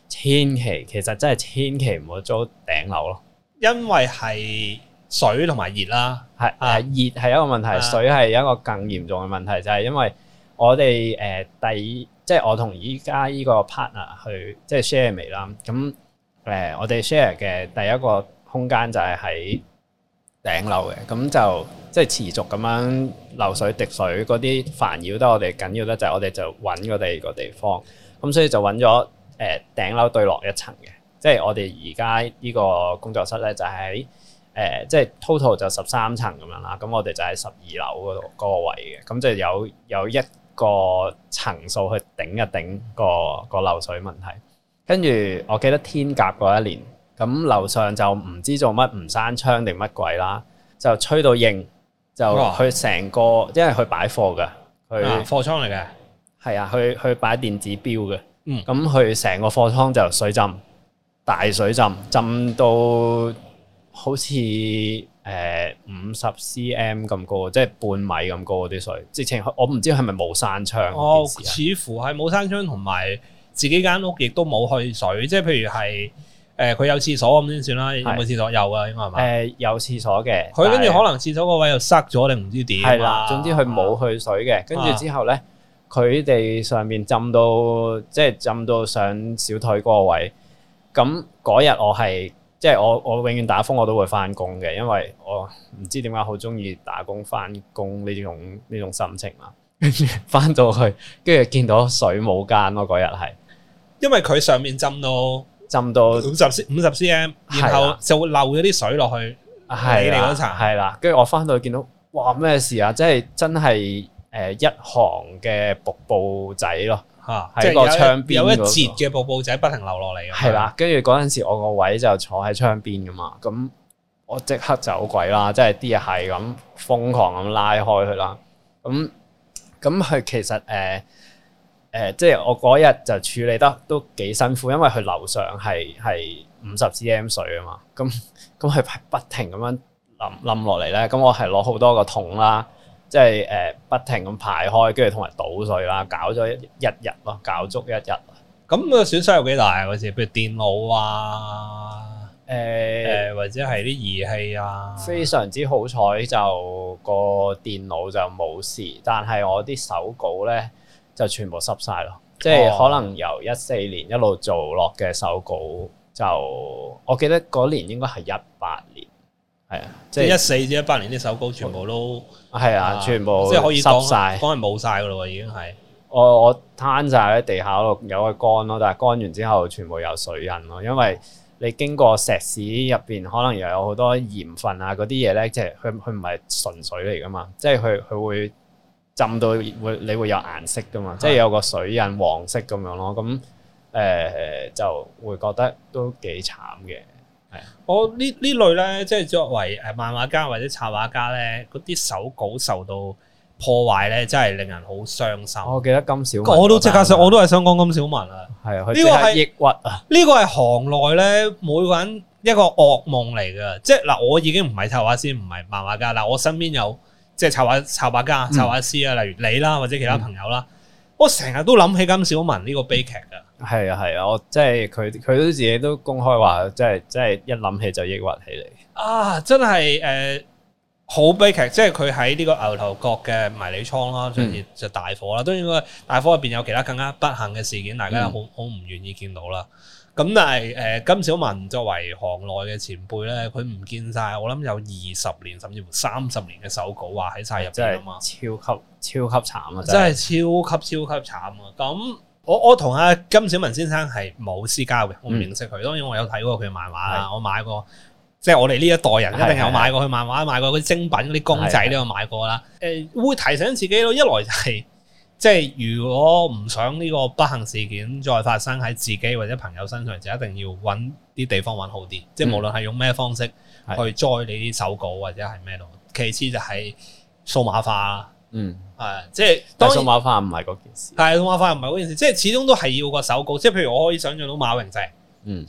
Speaker 1: 千
Speaker 2: 祈其實真係千祈唔好租頂樓咯，因為係水同埋熱啦，啊，啊熱係一個問題，是啊、水係一個更嚴重嘅問題，就係、是、因為我哋、呃、第即係我同依家依個 partner 去即係 share 未啦，咁、呃、我哋 share 嘅第一個空間就係喺。頂樓嘅，咁就即係、就是、持續咁樣流水滴水嗰啲煩擾得我哋緊要咧，就我哋就搵個第二個地方，咁所以就搵咗誒頂樓對落一層嘅，即、就、係、是、我哋而家呢個工作室咧就喺即係 total 就十、是、三層咁樣啦，咁我哋就喺十二樓嗰度個位嘅，咁就有有一個層數去頂一頂、那個個漏水問題。跟住我記得天甲嗰一年。咁樓上就唔知做乜唔閂窗定乜鬼啦，就吹到硬，就去成個，啊、因為去擺貨嘅，去、啊、貨倉嚟嘅，係啊，去擺電子表嘅，咁佢成個貨倉就水浸，大水浸，浸到好似誒五十 cm 咁高，即係半米咁高啲水，直情我唔知係咪冇
Speaker 1: 閂窗。哦，似乎係冇閂窗，同埋自己間屋亦都冇去水，即係譬如係。誒，佢、呃、有廁所咁先算啦。有冇廁所是有啊？應該係嘛？誒，有廁所嘅。佢跟住可能廁所嗰位又塞咗，你唔知點。係啦。總之佢冇去水嘅。啊、跟住之後咧，
Speaker 2: 佢哋上面浸到，即係浸到上小腿嗰個位。咁嗰日我係，即係我我永遠打風我都會翻工嘅，因為我唔知點解好中意打工翻工呢種呢種心情啦。跟住翻到去，跟住見到水冇間咯，嗰日係。
Speaker 1: 因為佢上面浸到。浸到五十 c 五十 cm，然後就會漏咗啲水落去你哋嗰層，
Speaker 2: 係啦。跟住、啊啊啊、我翻到去看見到，哇咩事啊？即係真係誒、呃、一行嘅瀑布仔咯，嚇喺、啊、個窗邊、那個、有一截
Speaker 1: 嘅瀑布仔不停流落嚟嘅，係啦、啊。
Speaker 2: 跟住嗰陣時，我個位就坐喺窗邊嘅嘛，咁我即刻走鬼啦，即係啲嘢係咁瘋狂咁拉開佢啦，咁咁佢其實誒。呃誒、呃，即係我嗰日就處理得都幾辛苦，因為佢樓上係係五十 cm 水啊嘛，咁咁佢不停咁樣冧冧落嚟咧，咁、嗯嗯嗯、我係攞好多個桶啦，即係、呃、不停咁排開，跟住同埋
Speaker 1: 倒水啦，搞咗一日咯，搞足一日。咁個、嗯嗯、損失有幾大啊？好似，譬如電腦啊，誒、欸、或者係啲儀器啊，
Speaker 2: 非常之好彩就個電腦就冇事，但係我啲手稿咧。就全部濕晒咯，即係可能由一四年一路做落嘅手稿就，就我記得嗰年應該係一八年，係啊，即係一四
Speaker 1: 至一八年啲手稿全部都係啊，全部即係可以濕晒，講係冇曬噶咯，已經係
Speaker 2: 我我攤曬喺地下度，有去乾咯，但係乾完之後全部有水印咯，因為你經過石屎入邊，可能又有好多鹽分啊嗰啲嘢咧，即係佢佢唔係純水嚟噶嘛，即係佢佢會。浸到會你會有顏色噶嘛，的即係有個水印黃色咁樣咯，咁誒、呃、就會覺
Speaker 1: 得都幾慘嘅。係我這這類呢呢類咧，即係作為誒漫畫家或者插畫家咧，嗰啲手稿受到破壞咧，真係令人好傷心。我記得金小文我也，我都即刻想，我都係想講金小文啊，係啊，呢個係抑鬱啊，呢個係行內咧每個人一個噩夢嚟噶，即係嗱，我已經唔係插畫師，唔係漫畫家，嗱，我身邊有。即係插畫插畫家、插畫師啊，例如你啦，或者其他朋友啦，嗯、我成日都諗起金小文呢個悲劇嘅、啊。係啊係啊，我即係佢佢
Speaker 2: 都自己都公開話，即係即係一諗起就抑鬱起嚟。
Speaker 1: 啊，真係誒，好、呃、悲劇！即係佢喺呢個牛頭角嘅迷你倉咯，所以就大火啦。嗯、當然大火入邊有其他更加不幸嘅事件，大家好好唔願意見到啦。咁但係、呃、金小文作為行內嘅前輩咧，佢唔見晒。我諗有二十年甚至乎三十年嘅手稿，啊，喺晒入邊啊嘛！超級超級慘啊！真係即是 超級超級慘啊！咁我我同阿、啊、金小文先生係冇私交嘅，我唔認識佢、嗯、當然我有睇過佢漫畫啊，是的 我買過，即、就、係、是、我哋呢一代人一定有買過佢漫畫，買過嗰啲精品嗰啲公仔都有買過啦是的、呃。會提醒自己咯，一來就係、是。即係如果唔想呢個不幸事件再發生喺自己或者朋友身上，就一定要揾啲地方揾好啲。即係無論係用咩方式去載你啲手稿或者係咩咯。其次就係數碼化，嗯，啊、即係當然數碼化唔係嗰件事，係數碼化唔係嗰件事，即係始終都係要個手稿。即係譬如我可以想象到馬榮成，嗯，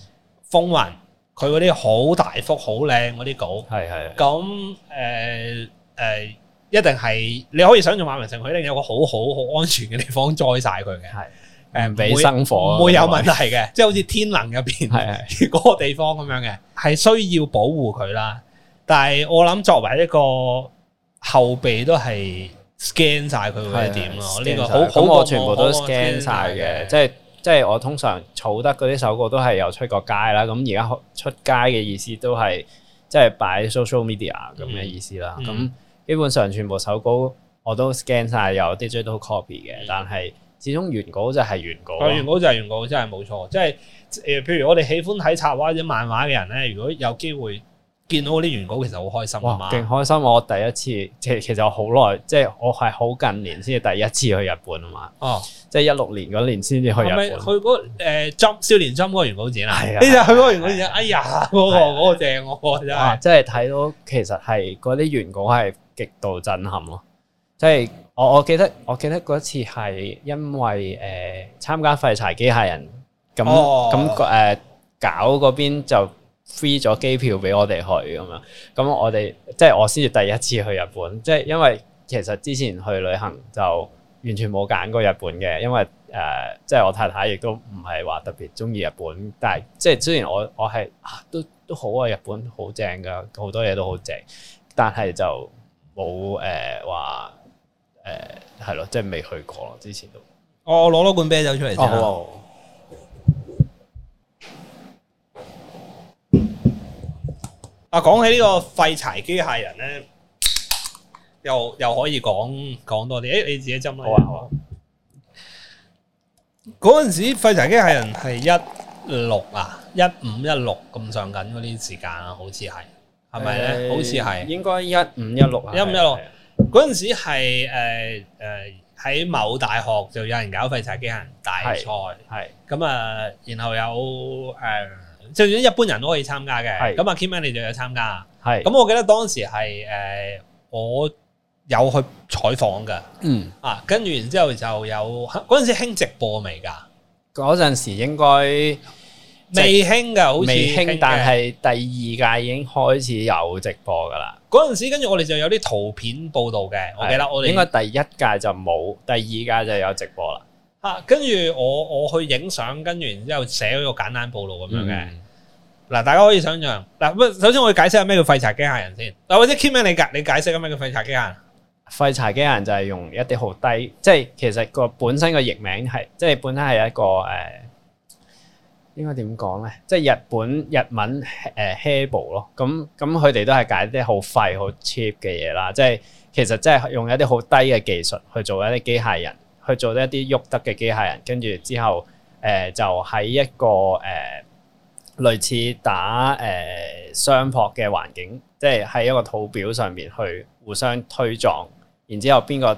Speaker 1: 風雲佢嗰啲好大幅、好靚嗰啲稿，係係的。咁誒誒。呃呃一定係你可以想像馬雲成，佢一定有個好好好安全嘅地方栽晒佢嘅，係誒，俾生火，會的會有問題嘅，即係好似天能入邊係嗰個地方咁樣嘅，係需要保護佢啦。但係我諗作為一個後備都係 scan 晒佢會係點咯，呢的個好好的好過的好全部都 scan 晒嘅，
Speaker 2: 即係即係我通常儲得嗰啲首歌都係有出過街啦。咁而家出街嘅意思都係即係擺 social media 咁嘅意思啦。咁、嗯那嗯基本上全部手稿我都 scan 晒有 DJ 都 copy 嘅，
Speaker 1: 但係始終原稿就係原稿，啊。嗯、原稿就係原稿，真係冇錯。即係、呃、譬如我哋喜歡睇插畫或者漫畫嘅人咧，如果有機會見到嗰啲原稿，其實好開心啊！勁
Speaker 2: 開心！我第一次，其實其實我好耐，即係我係好近年先至第一次去日本啊嘛。哦，即係一六年嗰年先至去日本，是是
Speaker 1: 去嗰誒《Jump、呃、少年《Jump 嗰個原稿展啊，係啊，去嗰原稿，啊、哎呀嗰個嗰個正喎真係
Speaker 2: 是、啊，即係睇到其實係嗰啲原稿係。極度震撼咯！即係我，我記得，我記得嗰次係因為誒、呃、參加廢柴機械人咁咁誒搞嗰邊就 free 咗機票俾我哋去咁樣。咁我哋即係我先至第一次去日本，即係因為其實之前去旅行就完全冇揀過日本嘅，因為誒、呃、即係我太太亦都唔係話特別中意日本，但係即係雖然我我係啊都都好啊日本好正㗎，好多嘢都好正，但係就。冇誒，話誒，係、欸、咯、欸，即係未去過咯，
Speaker 1: 之前都、哦。我攞咗罐啤酒出嚟先。哦、啊，講起呢個廢柴機械人咧，又又可以講講多啲。誒、欸，你自己斟啦。好啊，好啊。嗰陣時廢柴機械人係一六啊，一五一六咁上緊嗰啲時間啊，好似、啊、係。
Speaker 2: 係咪咧？好似係，
Speaker 1: 應該一五一六啊！一五一六嗰陣時係誒，喺某大學就有人搞廢柴機械人大賽，係咁啊，然後有誒、呃，就算一般人都可以參加嘅，係咁啊，Kit Man 你就有參加啊，係咁，那我記得當時係誒、呃，我有去採訪嘅，嗯啊，跟住然之後就有嗰陣時興直播未㗎？嗰陣時應該。未興噶，好似未興，但係
Speaker 2: 第二屆已經開始有直播噶啦。嗰
Speaker 1: 陣時，跟住我哋就有啲圖片報道嘅。的我記得我哋應該第一屆就冇，第二屆就有直播啦。吓、啊，跟住我我去影相，跟住然之後寫咗個簡單報道咁樣嘅。嗱、嗯，大家可以想象嗱，首先我先解釋下咩叫廢柴機械人先。嗱，或者 Kit Man，你解你解釋下咩叫廢柴機械？人？廢柴機械人就係用一啲好低，即係其實
Speaker 2: 個本身個譯名係，即係本身係一個誒。呃應該點講咧？即係日本日文誒 Hebo、呃、咯，咁咁佢哋都係解啲好廢好 cheap 嘅嘢啦。即係其實即係用一啲好低嘅技術去做一啲機械人，去做一啲喐得嘅機械人，跟住之後誒、呃、就喺一個誒、呃、類似打誒、呃、相撲嘅環境，即係喺一個土表上面去互相推撞，然之後邊個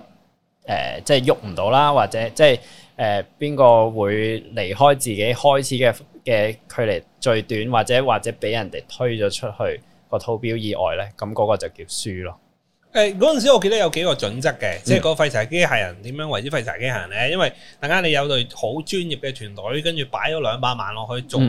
Speaker 2: 誒即係喐唔到啦，或者即係。誒邊個會離開自己開始嘅嘅距離最短，或者或者俾人哋推咗出去個套表以外咧？咁、那、嗰個就叫輸咯、
Speaker 1: 欸。嗰陣時，我記得有幾個準則嘅，嗯、即係個廢柴機械人點樣為之廢柴機械人咧？因為大家你有隊好專業嘅團隊，跟住擺咗兩百萬落去做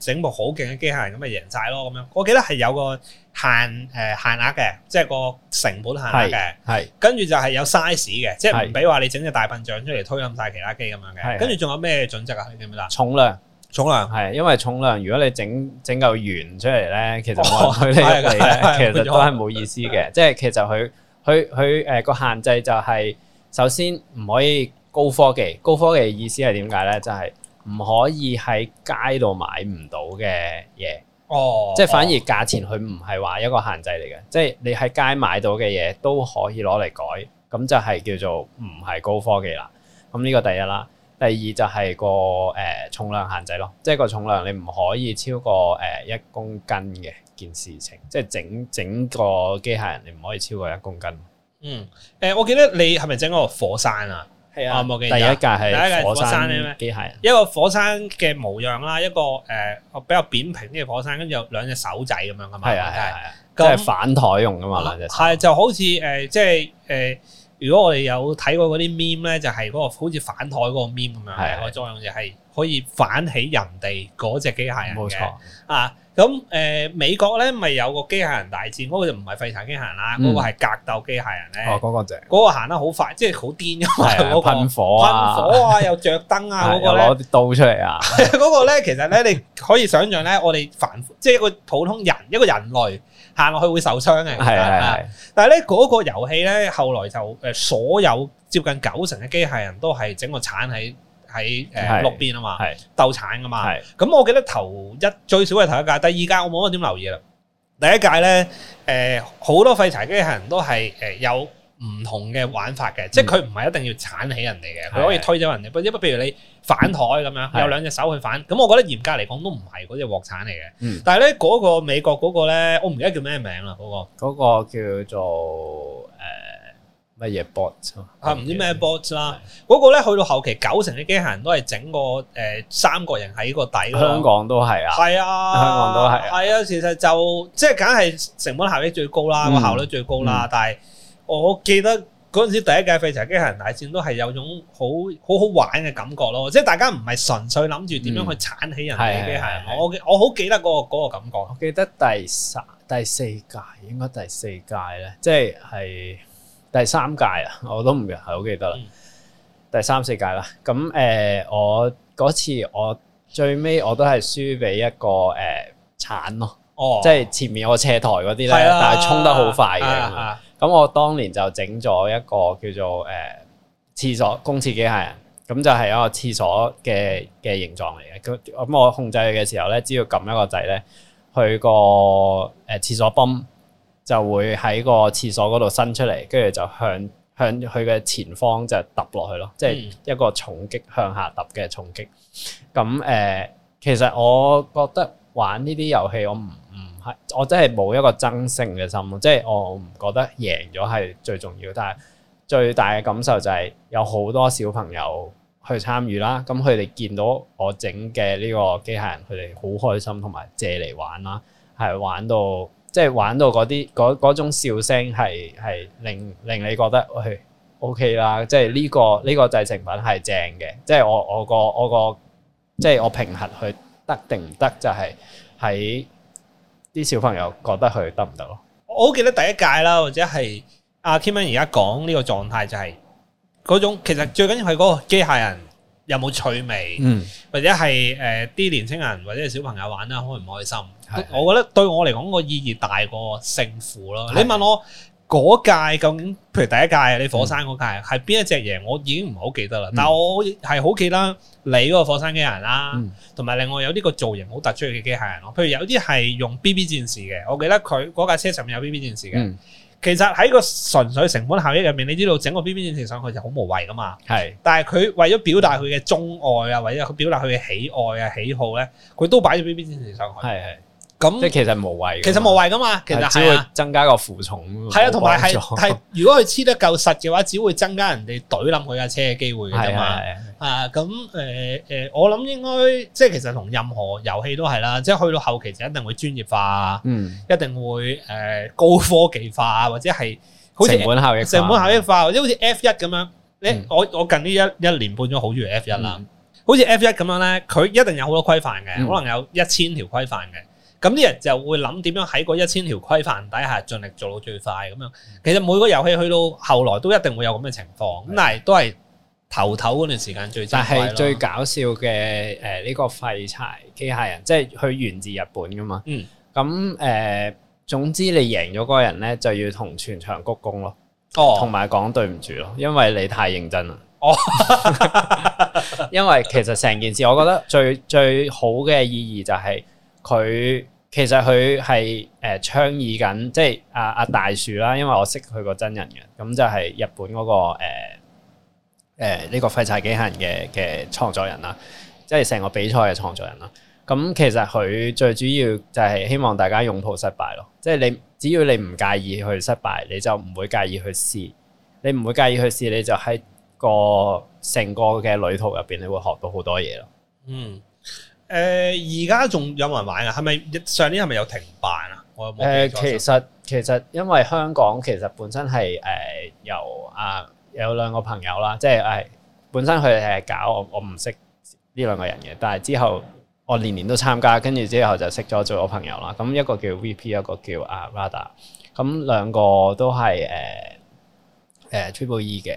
Speaker 1: 整部好勁嘅機械人咁咪贏晒咯，咁樣我記得係有個限誒、呃、限額嘅，即係個成本限額嘅，係跟住就係有 size 嘅，是即係唔俾話你整隻大笨象出嚟推冧晒其他機咁樣嘅，跟住仲有咩準則啊？你記唔記得？
Speaker 2: 重量重量係，因為重量如果你整整嚿圓出嚟咧，其實我睇你嚟咧， 是是是其實都係冇意思嘅，是的是的即係其實佢佢佢誒個限制就係首先唔可以高科技，高科技意思係點解咧？就係、是。唔可以喺街度買唔到嘅嘢，哦，即係反而價錢佢唔係話一個限制嚟嘅，哦、即係你喺街上買到嘅嘢都可以攞嚟改，咁就係叫做唔係高科技啦。咁呢個第一啦，第二就係個誒、呃、重量限制咯，即係個重量你唔可以超過誒一、呃、公斤嘅件事情，即係整整個機械人
Speaker 1: 你唔可以超過一公斤。嗯，誒、呃，我記得你係咪整個火山啊？係啊，冇記第一架係火山機械人，一個火山嘅模樣啦，一個誒、呃、比較扁平啲嘅火山，跟住有兩隻手仔咁樣噶嘛，係啊係啊，都係反
Speaker 2: 台用噶嘛，係、啊
Speaker 1: 啊、就好似誒、呃、即係誒。呃如果我哋有睇過嗰啲 meme 咧，就係嗰個好似反台嗰個 meme 咁樣的，個作用就係可以反起人哋嗰隻機械人冇錯啊，咁、呃、美國咧咪有個機械人大戰嗰、那個就唔係廢柴機械人啦，嗰、嗯、個係格鬥機械人咧。哦，嗰、那個行得好快，即係好癲㗎嘛噴火啊！噴
Speaker 2: 火啊！又
Speaker 1: 著燈啊！嗰 個攞啲
Speaker 2: 刀出嚟啊！
Speaker 1: 嗰 個咧其實咧，你可以想象咧， 我哋凡即係個普通人，一個人類。行落去會受傷嘅，但係咧，嗰個遊戲咧，後來就所有接近九成嘅機械人都係整個鏟喺喺誒六邊啊嘛，是的 鬥鏟噶嘛。咁是的 我記得頭一最少係頭一屆，第二屆我冇乜點留意啦。第一屆咧呃、好多廢柴機械人都係、呃、有。唔同嘅玩法嘅，即係佢唔係一定要鏟起人哋嘅，佢可以推走人哋。不不，比如你反台咁樣，有兩隻手去反。咁我覺得嚴格嚟講都唔係嗰隻鑊鏟嚟嘅。但係咧，嗰個美國嗰個咧，我唔記得叫咩名啦，嗰個
Speaker 2: 嗰個叫做誒乜嘢 bot s 唔
Speaker 1: 知咩 bot 啦。嗰個咧去到後期，九成嘅機械人都係整個三角形喺個底。香港
Speaker 2: 都係啊，係啊，香港都係
Speaker 1: 啊，係啊，其實就即係梗係成本效益最高啦，個效率最高啦，但我記得嗰陣時第一屆廢柴機械人大戰都係有種好好好玩嘅感覺咯，即係大家唔係純粹諗住點樣去鏟起人嘅機械。係係，我我好記得嗰個嗰個感覺。我記得第三第四屆，應該第四屆
Speaker 2: 咧，即係第三屆啊，我都唔係好記得啦。第三四屆啦，咁誒，我嗰次我最尾我都係輸俾一個誒鏟咯，即係前面有個斜台嗰啲咧，但係衝得好快嘅。咁我當年就整咗一個叫做誒、呃、廁所公廁機械人，咁就係一個廁所嘅嘅形狀嚟嘅。咁我控制佢嘅時候咧，只要撳一個掣咧，佢個誒廁所泵就會喺個廁所嗰度伸出嚟，跟住就向向佢嘅前方就揼落去咯，即、就、係、是、一個重擊、嗯、向下揼嘅重擊。咁、呃、其實我覺得玩呢啲遊戲我唔～係我真係冇一個爭勝嘅心即係、就是、我唔覺得贏咗係最重要。但係最大嘅感受就係有好多小朋友去參與啦。咁佢哋見到我整嘅呢個機械人，佢哋好開心，同埋借嚟玩啦。係玩到即係、就是、玩到嗰啲嗰嗰種笑聲，係係令令你覺得喂、欸、OK 啦。即係呢個呢、呢個製成品係正嘅。即、就、係、是、我我個我個即係、就是、我平衡去得定唔得就係、是、喺。是啲小朋友覺得佢得唔得咯？
Speaker 1: 我好記得第一屆啦，或者係阿 Kit Man 而家講呢個狀態就係、是、嗰種，其實最緊要係嗰個機械人有冇趣味，嗯、或者係啲、呃、年青人或者係小朋友玩得開唔開心、嗯？我覺得對我嚟講個意義大過勝負咯。你問我。嗰屆究竟，譬如第一屆你火山嗰屆係邊一隻贏、嗯、我已經唔好記得啦。嗯、但係我係好記得你嗰個火山機器人啦，同埋、嗯、另外有呢個造型好突出嘅機械人咯。譬如有啲係用 B B 戰士嘅，我記得佢嗰架車上面有 B B 戰士嘅。嗯、其實喺個純粹成本效益入面，你知道整個 B B 戰士上去就好無謂噶嘛。係是，但係佢為咗表達佢嘅鍾愛啊，或者佢表達佢嘅喜愛啊喜好咧，佢都擺咗 B B 戰士上去。係係。咁那即係其實無謂，其實無謂噶嘛，其實係只會增加個負
Speaker 2: 重。係啊，同埋係係，
Speaker 1: 如果佢黐得夠實嘅話，只會增加人哋懟冧佢架車嘅機會噶啫嘛。啊，咁誒誒，我諗應該即係其實同任何遊戲都係啦，即係去到後期就一定會專業化，嗯、一定會誒、呃、高科技化，或者係成
Speaker 2: 本效益成本效益，成本
Speaker 1: 效益化，即係好似 F 一咁樣。你、嗯、我我近呢一一年半咗、嗯、好似 F 一啦，好似 F 一咁樣咧，佢一定有好多規範嘅，嗯、可能有一千條規範嘅。咁啲人就會諗點樣喺嗰一千條規範底下盡力做到最快咁樣。其實每個遊戲去到後來都一定會有咁嘅情況，咁但係都係頭頭嗰段時間最。但係最搞笑嘅呢、呃呢個廢柴機械人，即係佢
Speaker 2: 源自日本噶嘛？嗯。咁誒、呃，總之你贏咗嗰個人咧，就要同全場鞠躬咯。哦。同埋講對唔住咯，因為你太認真啦。哦。 因為其實成件事，我覺得最最好嘅意義就係佢。其實佢係誒倡議緊，即係阿阿大樹啦，因為我識佢個真人嘅，咁就係日本嗰個誒誒呢個廢柴機械人嘅嘅創作人啦，即係成個比賽嘅創作人啦。咁其實佢最主要就係希望大家擁抱失敗咯，即係你只要你唔介意去失敗，你就唔會介意去試，你唔會介意去試，你就喺個成個嘅旅途入邊你會學到好多嘢咯。嗯。
Speaker 1: 誒而家仲有人玩啊？係咪上年係咪有停辦啊？我有冇、呃、其實
Speaker 2: 其實因為香港其實本身係誒由啊有兩個朋友啦，即係誒本身佢哋係搞我我唔識呢兩個人嘅，但係之後我年年都參加，跟住之後就識咗做我朋友啦。咁一個叫 VP，一個叫阿 Rada，咁兩個都係誒誒 Triple E 嘅，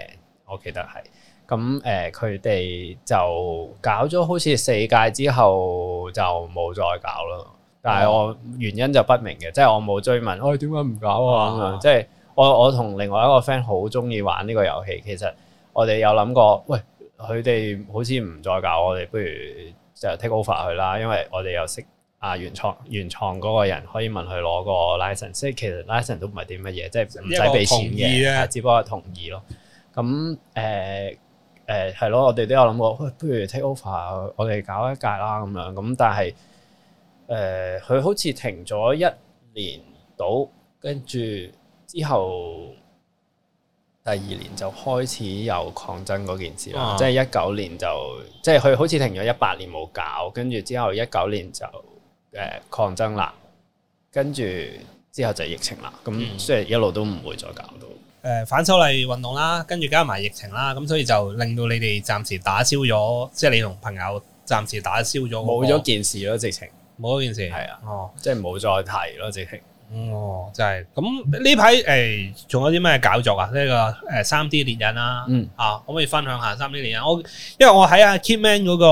Speaker 2: 我記得係。咁佢哋就搞咗好似四屆之後就冇再搞咯。哦、但係我原因就不明嘅，即係我冇追問，喂，點解唔搞啊？即係我我同另外一個 friend 好中意玩呢個遊戲，其實我哋有諗過，喂，佢哋好似唔再搞，我哋不如就 take over 佢啦。因為我哋又識啊原創原創嗰個人，可以問佢攞個 license。其實 license 都唔係啲乜嘢，即係唔使俾錢嘅，只不過我同意咯。咁、嗯呃誒係咯，我哋都有諗過、哎，不如 take over，我哋搞一屆啦咁樣，咁但係誒佢好似停咗一年到，跟住之後第二年就開始有抗爭件事啦。啊、即係一九年就，即係佢好似停咗一八年冇搞，跟住之後一九年就誒、呃、抗爭啦，跟住之後就疫情啦，咁雖然一路都唔
Speaker 1: 會再搞到。誒，反修例運動啦，跟住加埋疫情啦，咁所以就令到你哋暫時打消咗，即、就、係、是、你同朋友暫時打消咗、那個，冇咗件事咯，直情冇咗件事，係啊，哦，即係冇再提咯，直情，的哦，就係咁，呢排誒，仲、哦欸、有啲咩搞作即、嗯、啊？呢個誒，三 D 列印啦，嗯啊，可唔可以分享下三 D 列印？我因為我喺阿 Kit Man 嗰個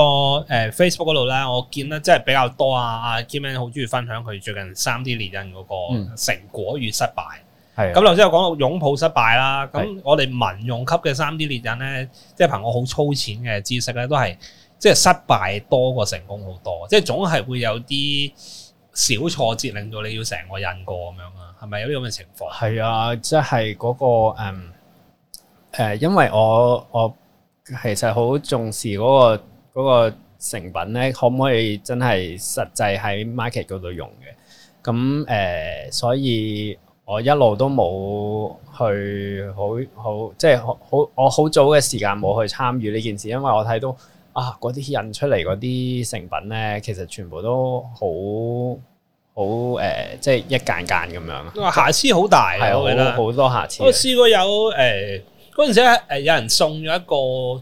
Speaker 1: 誒 Facebook 嗰度咧，我見得即係比較多啊，阿 Kit Man 好中意分享佢最近三 D 列印嗰個成果與失敗。嗯咁頭先我講到擁抱失敗啦，咁我哋民用級嘅三 D 列印咧、啊，即係憑我好粗淺嘅知識咧，都係即係失敗多過成功好多，即係總係會有啲小挫折令到你要成個印過咁樣啊，係咪有啲咁嘅情況？係啊，
Speaker 2: 即係嗰個誒、嗯呃、因為我我其實好重視嗰、個嗰、個、成品咧，可唔可以真係實際喺 market 嗰度用嘅？咁誒、呃，所以。我一路都冇去好好，即係好我好早嘅時間冇去參與呢件事，因為我睇到啊嗰啲印出嚟嗰啲成品咧，其實全部都好好誒，即係一間間咁樣。瑕疵好大，係是對我覺得好多瑕疵。我
Speaker 1: 試過有誒嗰陣時咧，誒有人送咗一個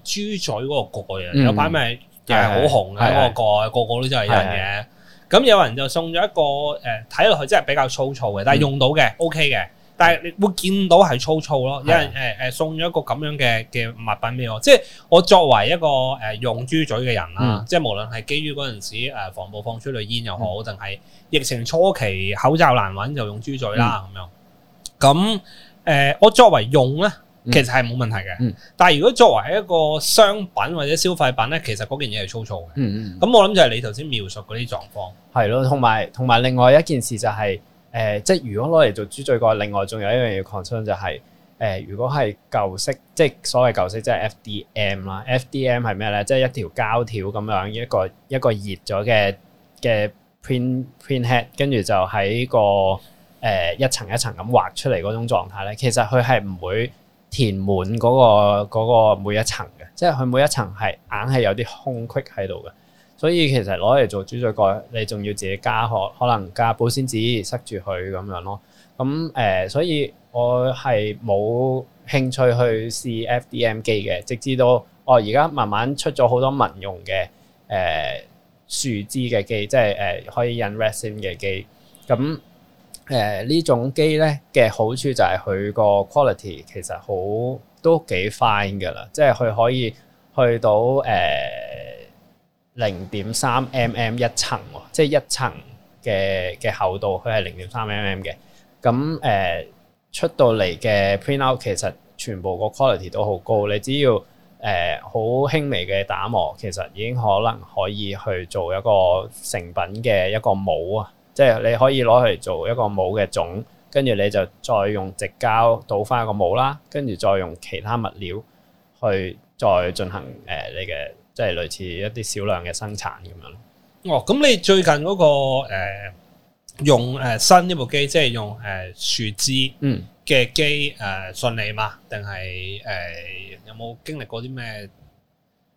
Speaker 1: 豬嘴嗰、嗯、個蓋啊，有擺咪又係好紅嘅嗰個蓋，個個都真係印嘅。咁有人就送咗一個誒睇落去，真係比較粗糙嘅，但係用到嘅 OK 嘅，但係你會見到係粗糙咯。有人、呃、送咗一個咁樣嘅嘅物品俾我，即係我作為一個、呃、用豬嘴嘅人啦，嗯、即係無論係基於嗰陣時防暴放出嚟煙又好，定係、嗯、疫情初期口罩難揾就用豬嘴啦咁、嗯、樣咁誒、呃，我作為用咧。其實係冇問題嘅，但係如果作為一個商品或者消費品咧，其實嗰件嘢係粗糙嘅。嗯咁、嗯嗯、我諗就係你頭先描述嗰啲狀況，係咯，
Speaker 2: 同埋同埋另外一件事就係、是，誒、呃，即係如果攞嚟做主軸個，另外仲有一樣嘢擴張就係、是，誒、呃，如果係舊式，即係所謂舊式即係 FDM 啦，FDM 係咩咧？即係一條膠條咁樣一個一個熱咗嘅嘅 print print head，跟住就喺個誒、呃、一層一層咁畫出嚟嗰種狀態咧。其實佢係唔會。填滿嗰、那個嗰、那個每一層嘅，即係佢每一層係硬係有啲空隙喺度嘅，所以其實攞嚟做豬仔蓋，你仲要自己加殼，可能加保鮮紙塞住佢咁樣咯。咁誒、呃，所以我係冇興趣去試 FDM 機嘅，直至到我而家慢慢出咗好多民用嘅誒、呃、樹脂嘅機，即係誒、呃、可以印 resin 嘅機咁。誒呢、呃、種機咧嘅好處就係佢個 quality 其實好都幾 fine 㗎啦，即係佢可以去到誒零點三 mm 一層，即係一層嘅嘅厚度、mm，佢係零點三 mm 嘅。咁、呃、誒出到嚟嘅 printout 其實全部個 quality 都好高，你只要誒好、呃、輕微嘅打磨，其實已經可能可以去做一個成品嘅一個模啊。即係你可以攞去做一個模嘅種，跟住你就再用矽膠倒翻一個模啦，跟住再用其他物料去再進行誒你嘅即係類似一啲少量嘅生產咁樣。
Speaker 1: 哦，咁你最近嗰個誒、呃、用誒新呢部機，即係用誒樹枝嗯嘅機誒順利嘛？定係誒有冇經歷過啲咩？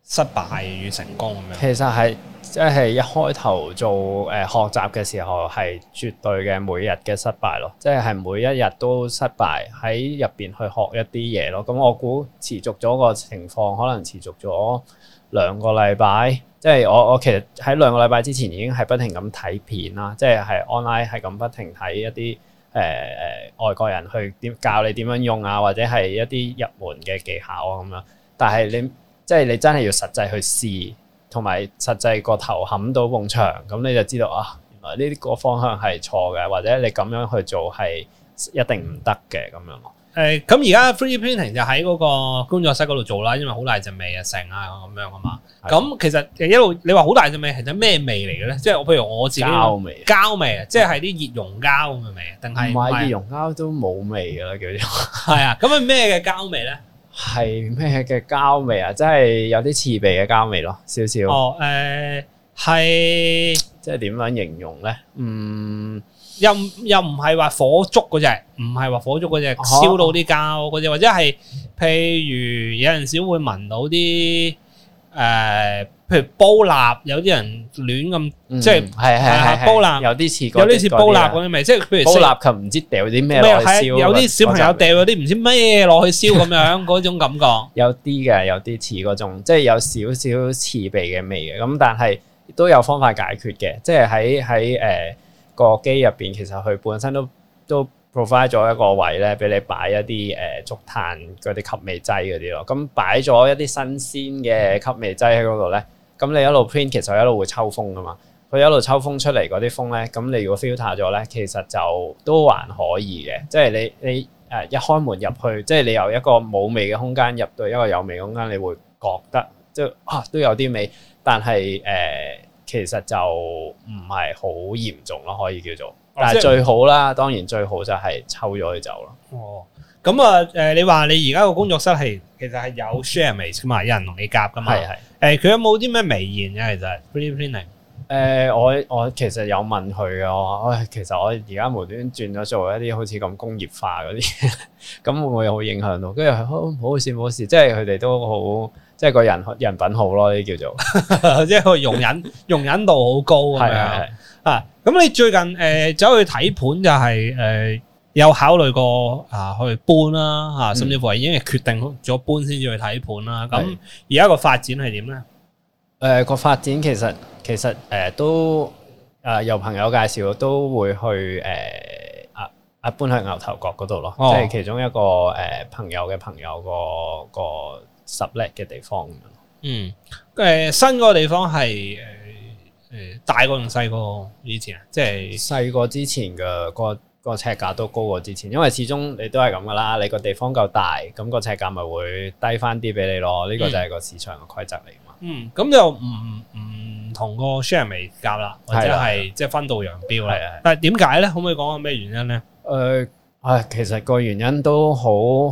Speaker 1: 失敗與成功咁樣，其
Speaker 2: 實係即係一開頭做誒學習嘅時候係絕對嘅每日嘅失敗咯，即係係每一日都失敗喺入邊去學一啲嘢咯。咁我估持續咗個情況，可能持續咗兩個禮拜。即係我我其實喺兩個禮拜之前已經係不停咁睇片啦，即係係 online 係咁不停睇一啲誒誒外國人去點教你點樣用啊，或者係一啲入門嘅技巧啊咁樣。但係你。嗯.即係你真係要實際去試，同埋實際個頭冚到埲牆，咁你就知道啊！原來呢啲個方向係錯嘅，或者你咁樣去做係一定唔得嘅咁樣咯。
Speaker 1: 誒、哎，咁而家 3D printing 就喺嗰個工作室嗰度做啦，因為好大隻味啊成啊咁樣啊嘛。咁的其實一路你話好大隻味，其實咩味嚟嘅咧？即係我譬如我自己膠味，膠味啊，即係啲熱溶膠咁嘅味，定係唔係熱溶膠都冇味噶啦，叫做係啊。咁係咩嘅膠味咧？
Speaker 2: 係咩嘅膠味啊？即係有啲刺鼻嘅膠味咯，少少。
Speaker 1: 哦，誒、呃，係即係點樣形容咧？嗯，又又唔係話火燭嗰隻，唔係話火燭嗰隻、啊、燒到啲膠嗰隻，或者係譬如有陣時會聞到啲。誒、呃，譬如煲蠟，有啲人亂咁，嗯、即係係係係煲蠟，有啲似有啲似煲蠟嗰啲味，即係譬如煲蠟，佢
Speaker 2: 唔知掉啲咩落去燒，有啲小朋友掉啲唔知咩落去燒咁樣嗰種感覺。有啲嘅，有啲似嗰種，即係有少少刺鼻嘅味嘅。咁但係都有方法解決嘅，即係喺喺誒個機入邊，其實佢本身都都。Provide 咗一個位咧，俾你擺一啲誒竹炭嗰啲吸味劑嗰啲咯。咁擺咗一啲新鮮嘅吸味劑喺嗰度咧，咁你一路 print 其實一路會抽風噶嘛。佢一路抽風出嚟嗰啲風咧，咁你如果 filter 咗咧，其實就都還可以嘅。即係你你誒、呃、一開門入去，即係你由一個冇味嘅空間入到一個有味的空間，你會覺得即係啊都有啲味，但係誒、呃、其實就唔係好嚴重咯，可以叫做。但係最好啦，哦、當然最好就係抽咗佢走咯。
Speaker 1: 哦，咁啊，呃、你話你而家個工作室係其實係有 sharemate 嘛，嗯、有人同你夾噶嘛。係係的。佢、呃、有冇啲咩微言嘅？其實 pretty pretty 我我其實有問
Speaker 2: 佢啊。我其實我而家無端端轉咗做一啲好似咁工業化嗰啲，咁 會唔會好影響到？跟住好好，哦、事好事，即係佢哋都好，即係個人人品好咯，呢啲叫做，
Speaker 1: 即係佢容忍 容忍度好高啊。 的咁你最近誒、呃、走去睇盤就係誒有考慮過啊去搬啦啊甚至乎已經係決定咗搬先至去睇盤啦。咁、嗯、而家個發展係點咧？誒、呃這個發展其實其實誒都誒由朋友
Speaker 2: 介紹都會去誒、呃、啊啊搬去牛頭角嗰度咯，哦、即係其中一個誒、呃、朋友嘅朋友個個十叻嘅地方咁樣。
Speaker 1: 嗯，誒新個地方係。嗯呃嗯、大個定細個以前
Speaker 2: 啊，即係細個之前嘅個、嗰個尺價都高過之前，因為始終你都係咁噶啦，你個地方夠大，咁、嗰個尺價咪會低翻啲俾你咯。呢、呢個就係個市場嘅
Speaker 1: 規則嚟嘛嗯。嗯，咁、嗯、就唔唔同個 share 未夾啦，或者係即係分道揚鑣啦。是是的但係點解咧？可唔可以講下咩原因咧？
Speaker 2: 誒、呃，啊、哎，其實個原因都好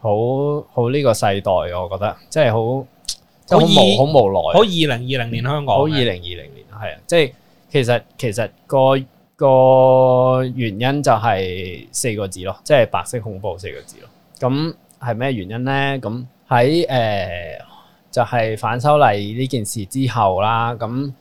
Speaker 2: 好好呢個世代，我覺得即係好。好無好無奈，好二
Speaker 1: 零二零年香港，好二零二零年，
Speaker 2: 係啊，即係其實其實，那個個原因就係四個字咯，即係白色恐怖四個字咯。咁係咩原因咧？咁喺誒就係、是、反修例呢件事之後啦。咁誒、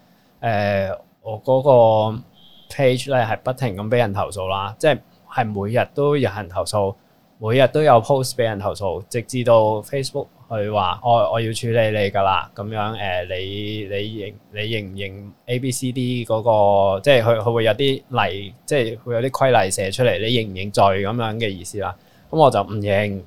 Speaker 2: 呃、我嗰個 page 咧係不停咁俾人投訴啦，即係係每日都有人投訴，每日都有 post 俾人投訴，直至到 Facebook。佢話：我我要處理你噶啦，咁樣誒、呃，你你認你認唔認 A、B、C、D 嗰、嗰個，即係佢佢會有啲例，即係會有啲規例寫出嚟，你認唔認罪咁樣嘅意思啦。咁我就唔認，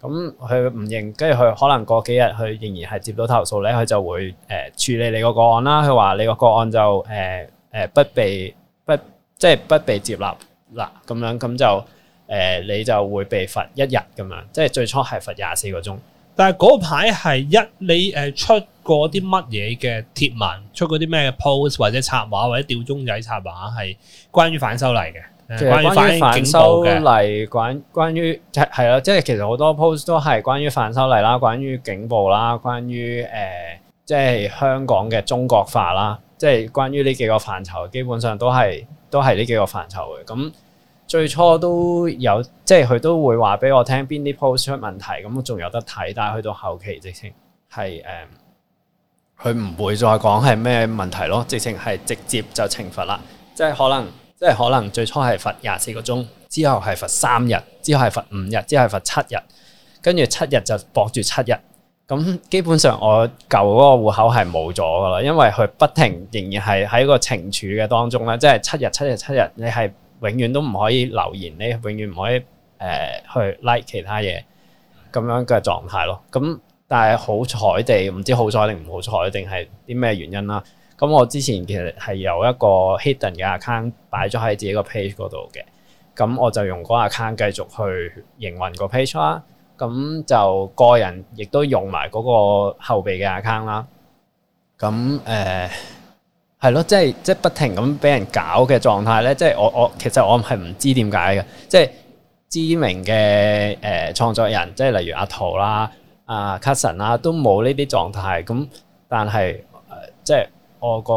Speaker 2: 咁佢唔認，跟住佢可能過幾日佢仍然係接到投訴咧，佢就會誒、呃、處理你個個案啦。佢話你個個案就誒誒、呃呃、不被不即係不被接納嗱，咁樣咁就誒、呃、你就會被罰
Speaker 1: 一日咁樣，即係最初係罰廿四個鐘。但係嗰排係一你誒出過啲乜嘢嘅貼文，出過啲咩 post 或者插畫或者吊鐘仔插畫，係關於反修例嘅，關於反修例，
Speaker 2: 關關於即係係咯，即係其實好多 post 都係關於反修例啦，關於警暴啦，關於誒即係香港嘅中國化啦，即係關於呢幾個範疇，基本上都係都係呢幾個範疇嘅咁。最初都有，即係佢都會話畀我聽邊啲 post 出問題，咁仲有得睇。但係去到後期直情係誒，佢，嗯，唔會再講係咩問題咯，直情係直接就懲罰啦。即係可能，即係可能最初係罰廿四個鐘，之後係罰三日，之後係罰五日，之後係罰七日，跟住七日就博住七日。咁基本上我舊嗰個戶口係冇咗噶啦，因為佢不停仍然係喺個懲處嘅當中咧，即係七日、七日、七日，你係。永遠都唔可以留言咧，永遠唔可以誒、呃、去 like 其他嘢咁樣嘅狀態咯。咁但係好彩地，唔知好彩定唔好彩定係啲咩原因啦。咁我之前其實係有一個 hidden 嘅 account 擺咗喺自己個 page 嗰度嘅，咁我就用嗰 account 繼續去營運個 page 啦。咁就個人亦都用埋嗰個後備嘅 account 啦。咁誒。呃係咯，即係即係不停咁俾人搞嘅狀態咧。即係我我其實我係唔知點解嘅。即係知名嘅誒創作人，即係例如阿陶啦、阿、呃、Cuson 啦，都冇呢啲狀態。咁但係、呃、即係我個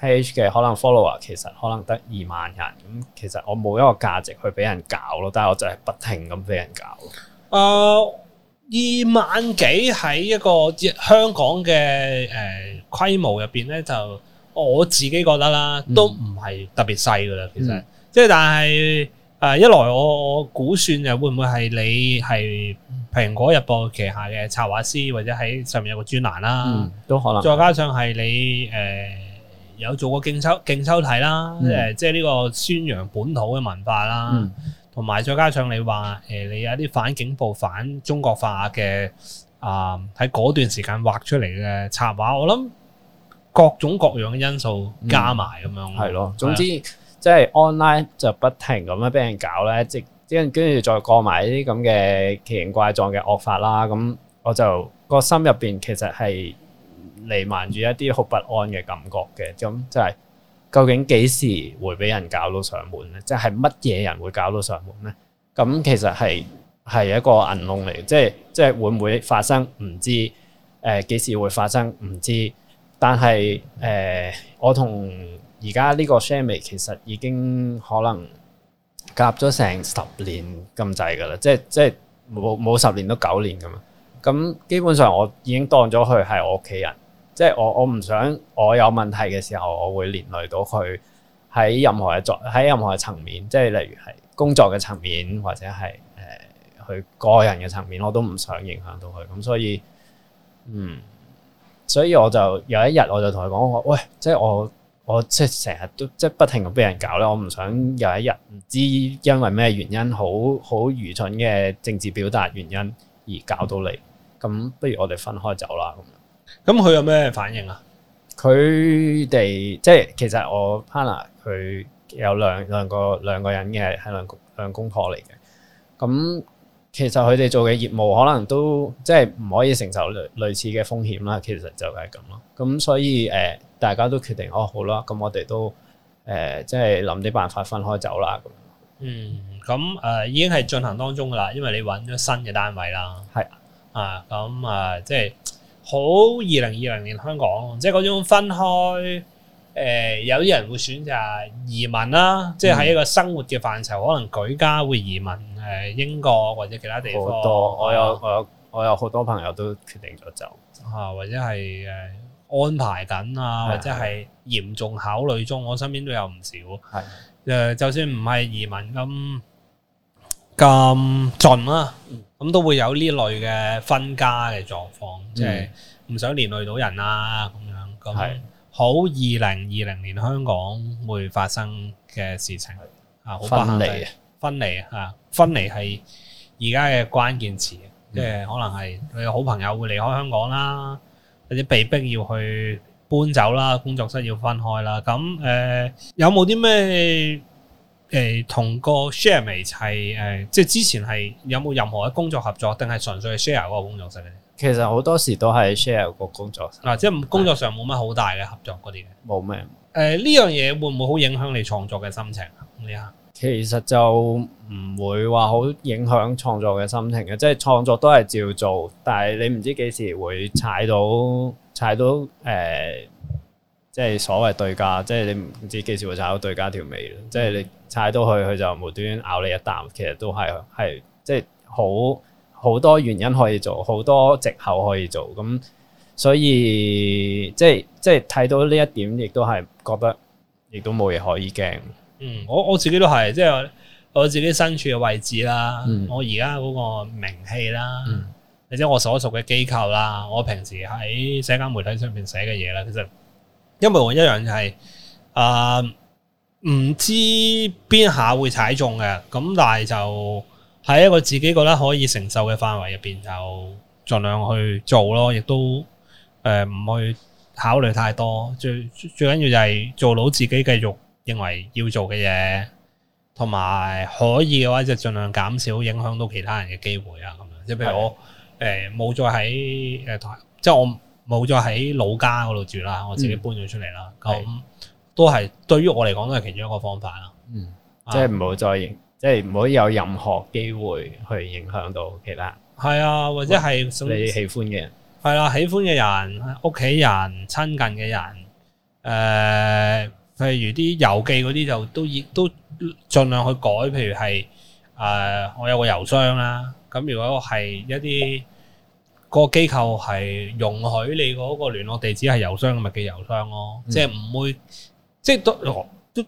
Speaker 2: page 嘅可能 follower 其實可能得二萬人。咁其實我冇一個價值去俾人搞咯。但係我就係不停咁俾人搞。
Speaker 1: 誒、呃，二萬幾喺一個香港嘅誒規模入邊咧，就。我自己覺得啦，都唔係特別細噶啦，其實即係但係誒、呃、一來我我估算就會唔會係你係《蘋果日報》旗下嘅插畫師，或者喺上面有個專欄啦，嗯、
Speaker 2: 都可能。再加
Speaker 1: 上係你誒、呃、有做過勁揪勁揪體啦，誒、嗯呃、即係呢個宣揚本土嘅文化啦，同埋、嗯、再加上你話誒、呃、你有啲反警暴、反中國化嘅啊喺嗰段時間畫出嚟嘅插畫，我諗。各種各樣嘅因素加埋咁、嗯、樣，係咯的。是的總之
Speaker 2: 即係 online 就不停咁樣俾人搞啦，即跟住再過埋呢啲咁嘅奇形怪狀嘅惡法啦。咁我就、那個心入邊其實係瀰漫住一啲好不安嘅感覺嘅。咁就係究竟幾時會俾人搞到上門咧？即係乜嘢人會搞到上門咧？咁其實係係一個銀龍嚟即係即係會唔會發生唔知？誒、呃、幾時會發生唔知？但係誒、呃，我同而家呢個 Shammy 其實已經可能夾咗成十年咁滯㗎啦，即係即係冇冇十年都九年咁啊！咁基本上我已經當咗佢係我屋企人，即係我我唔想我有問題嘅時候，我會連累到佢喺任何嘅作喺任何嘅層面，即係例如係工作嘅層面或者係誒佢個人嘅層面，我都唔想影響到佢咁，所以嗯。所以我就有一日我就同佢講：喂，即係我我即係成日都即係不停咁俾人搞咧，我唔想有一日唔知因為咩原因，好好愚蠢嘅政治表達原因而搞到你。咁不如我哋分開走啦。咁，咁佢有咩反應啊？佢哋即係其實我 partner 佢有兩兩個兩個人嘅係兩個兩公婆嚟嘅。咁。其實佢哋做嘅業務可能都即係唔可以承受類類似嘅風險啦。其實就係咁咯。咁所以誒、呃，大家都決定哦好啦，咁我哋都誒，即
Speaker 1: 係諗啲辦法分開走啦。咁嗯、咁、嗯、誒、嗯嗯、已經係進行當中噶啦。因為你揾咗新嘅單位啦，係是啊、嗯，咁、嗯、啊、嗯，即係好二零二零年香港，即係嗰種分開。誒、呃，有啲人會選擇移民啦，即係喺一個生活嘅範疇，可能舉家會移民。嗯嗯誒，英國或者其他地方，好多我有我有我有好多朋友都決定咗走，吓或者係誒安排緊啊，或者係嚴重考慮中，的我身邊都有唔少。係誒的，就算唔係移民咁咁盡啦，咁、嗯、都會有呢類嘅分家嘅狀況，即係唔想連累到人啊。咁樣。咁好的，二零二零年香港會發生嘅事情啊，好分離分離吓，分離係而家嘅關鍵詞，即係可能係你嘅好朋友會離開香港啦，或者被逼要去搬走啦，工作室要分開啦。咁誒、呃，有冇啲咩誒同個 share 係誒、呃，即係之前係有冇任何嘅工作合作，定係純粹係 share 嗰個工作室咧？
Speaker 2: 其實好多時都係 share 個工作室，
Speaker 1: 嗱、啊，即係工作上冇乜好大嘅合作嗰啲冇咩？誒，呢、呃、樣嘢會唔會好影響你創作嘅心情啊？你啊？
Speaker 2: 其實就唔會話好影響創作嘅心情嘅，即係創作都係照做，但係你唔知幾時會踩到踩到誒、呃，即係所謂對家，即係你唔知幾時會踩到對家條尾，即係你踩到佢，佢就無端端咬你一啖，其實都係係即係好好多原因可以做，好多藉口可以做，咁所以即係即係睇到呢一點，亦都係覺得亦都冇嘢可以驚。
Speaker 1: 嗯，我我自己都係，即係我自己身處嘅位置啦，嗯、我而家嗰個名氣啦，或者、嗯、我所屬嘅機構啦，我平時喺社交媒體上面寫嘅嘢啦，其實因為我一樣係，誒、呃、唔知邊下會踩中嘅，咁但係就喺一個自己覺得可以承受嘅範圍入邊，就盡量去做咯，亦都誒唔、呃、去考慮太多，最最緊要就係做到自己繼續。認為要做嘅嘢，同埋可以嘅話，就盡量減少影響到其他人嘅機會啊，咁樣即係譬如我誒冇再喺誒台，即係我冇再喺老家嗰度住啦，我自己搬咗出嚟啦，咁都係對於我嚟講都係其中一個方法啦，嗯，
Speaker 2: 啊、即係唔好再，即係唔好有任何機會去影響到其他人，
Speaker 1: 係啊，或者係你喜歡嘅人，係啦，喜歡嘅人、屋企人、親近嘅人，誒、呃。譬如啲郵寄嗰啲就都亦都盡量去改，譬如係誒、呃、我有個郵箱啦。咁如果係一啲個機構係容許你嗰個聯絡地址係郵箱嘅，嘅咪寄郵箱咯。嗯、即係唔會，即係都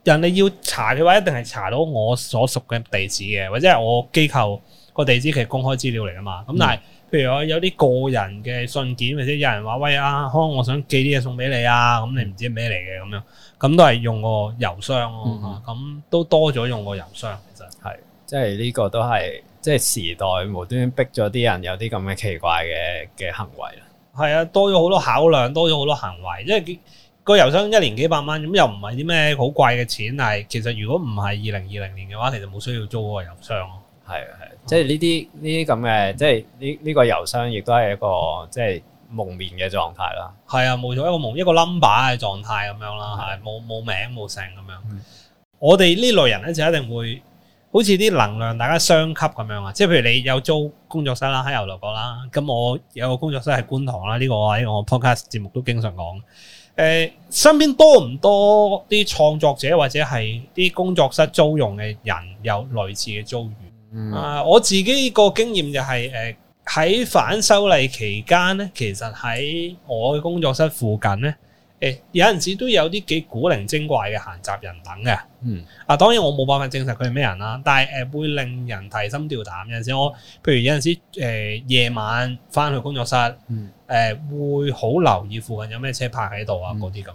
Speaker 1: 人哋要查嘅話，一定係查到我所屬嘅地址嘅，或者係我機構個地址其實公開資料嚟噶嘛。咁但係、嗯譬如我有啲個人嘅信件，或者有人話：喂啊，可能我想寄啲嘢送俾你啊，咁你唔知咩嚟嘅咁樣，咁都係用個郵箱咯。咁、嗯、哼都多咗用個郵箱，嗯、哼其實係
Speaker 2: 即係呢個都係即係時代
Speaker 1: 無端端逼咗啲人有啲咁嘅奇怪嘅嘅行為啦。係啊，多咗好多考量，多咗好多行為，因為個郵箱一年幾百蚊，咁又唔係啲咩好貴嘅錢，但係其實如果唔係二零二零年嘅話，其實冇需要租個郵箱咯。係啊。即係呢啲呢
Speaker 2: 啲咁嘅，即係呢呢個郵箱亦都係一個即係蒙面嘅狀態啦。
Speaker 1: 係啊，冇錯，一個蒙一個 number 嘅狀態咁樣啦，係冇冇名冇姓咁樣。我哋呢類人咧就一定會好似啲能量大家相吸咁樣啊！即係譬如你有租工作室啦，喺油塘個啦，咁我有個工作室喺觀塘啦，呢、這個喺我 podcast 節目都經常講。誒、呃，身邊多唔多啲創作者或者係啲工作室租用嘅人有類似嘅租？啊！嗯 uh，我自己個經驗就係誒喺反修例期間咧，其實喺我嘅工作室附近咧，誒、呃、有陣時都有啲幾古靈精怪嘅閑雜人等嘅。嗯。啊，當然我冇辦法證實佢係咩人啦，但係誒、呃、會令人提心吊膽。有陣時候我，譬如有陣時誒夜、呃、晚翻去工作室，誒、嗯呃、會好留意附近有咩車泊喺度啊，嗰啲咁樣。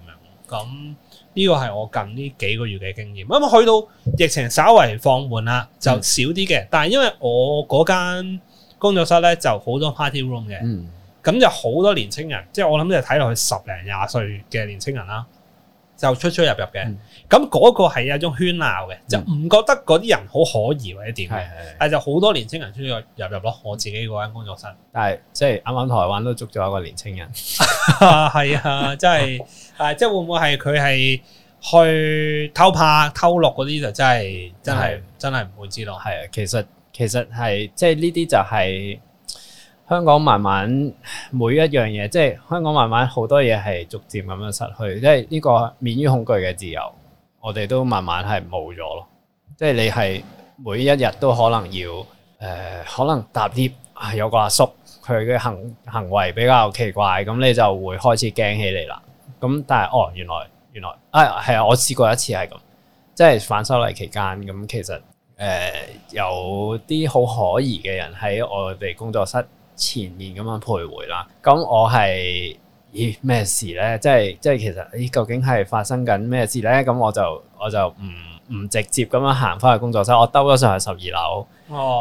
Speaker 1: 咁、嗯。呢個係我近呢幾個月嘅經驗，咁、嗯、去到疫情稍為放緩啦，就少啲嘅。嗯、但係因為我嗰間工作室咧，就好多 party room 嘅，咁、嗯、就好多年青人，即、就、係、是、我諗就睇落去十零廿歲嘅年青人啦，就出出入入嘅。咁嗰、嗯、個係一種喧鬧嘅，嗯、就唔覺得嗰啲人好可疑或者點嘅，是是但係就好多年青人出出入入咯。我自己嗰間工作室係，即係啱啱台灣都捉咗一個年青人，係 啊，啊，真係。 誒、啊，即係會唔會係佢係去偷拍偷錄嗰啲就真係的真係真係唔會知咯。係啊，其
Speaker 2: 實其實係即係呢啲就係香港慢慢每一樣嘢，即係香港慢慢好多嘢係逐漸咁樣失去，即係呢個免於恐懼嘅自由，我哋都慢慢係冇咗咯。即係你係每一日都可能要誒、呃，可能搭 lift 啊有個阿叔，佢嘅行行為比較奇怪，咁你就會開始驚起嚟啦。咁但係哦，原來原來啊，係啊，我試過一次係咁，即係反修例期間咁，其實誒、呃、有啲好可疑嘅人喺我哋工作室前面咁樣徘徊啦。咁我係，咦咩事咧？即係即係其實咦究竟係發生緊咩事咧？咁我就我就唔唔直接咁樣行翻去工作室，我兜咗上去十二樓，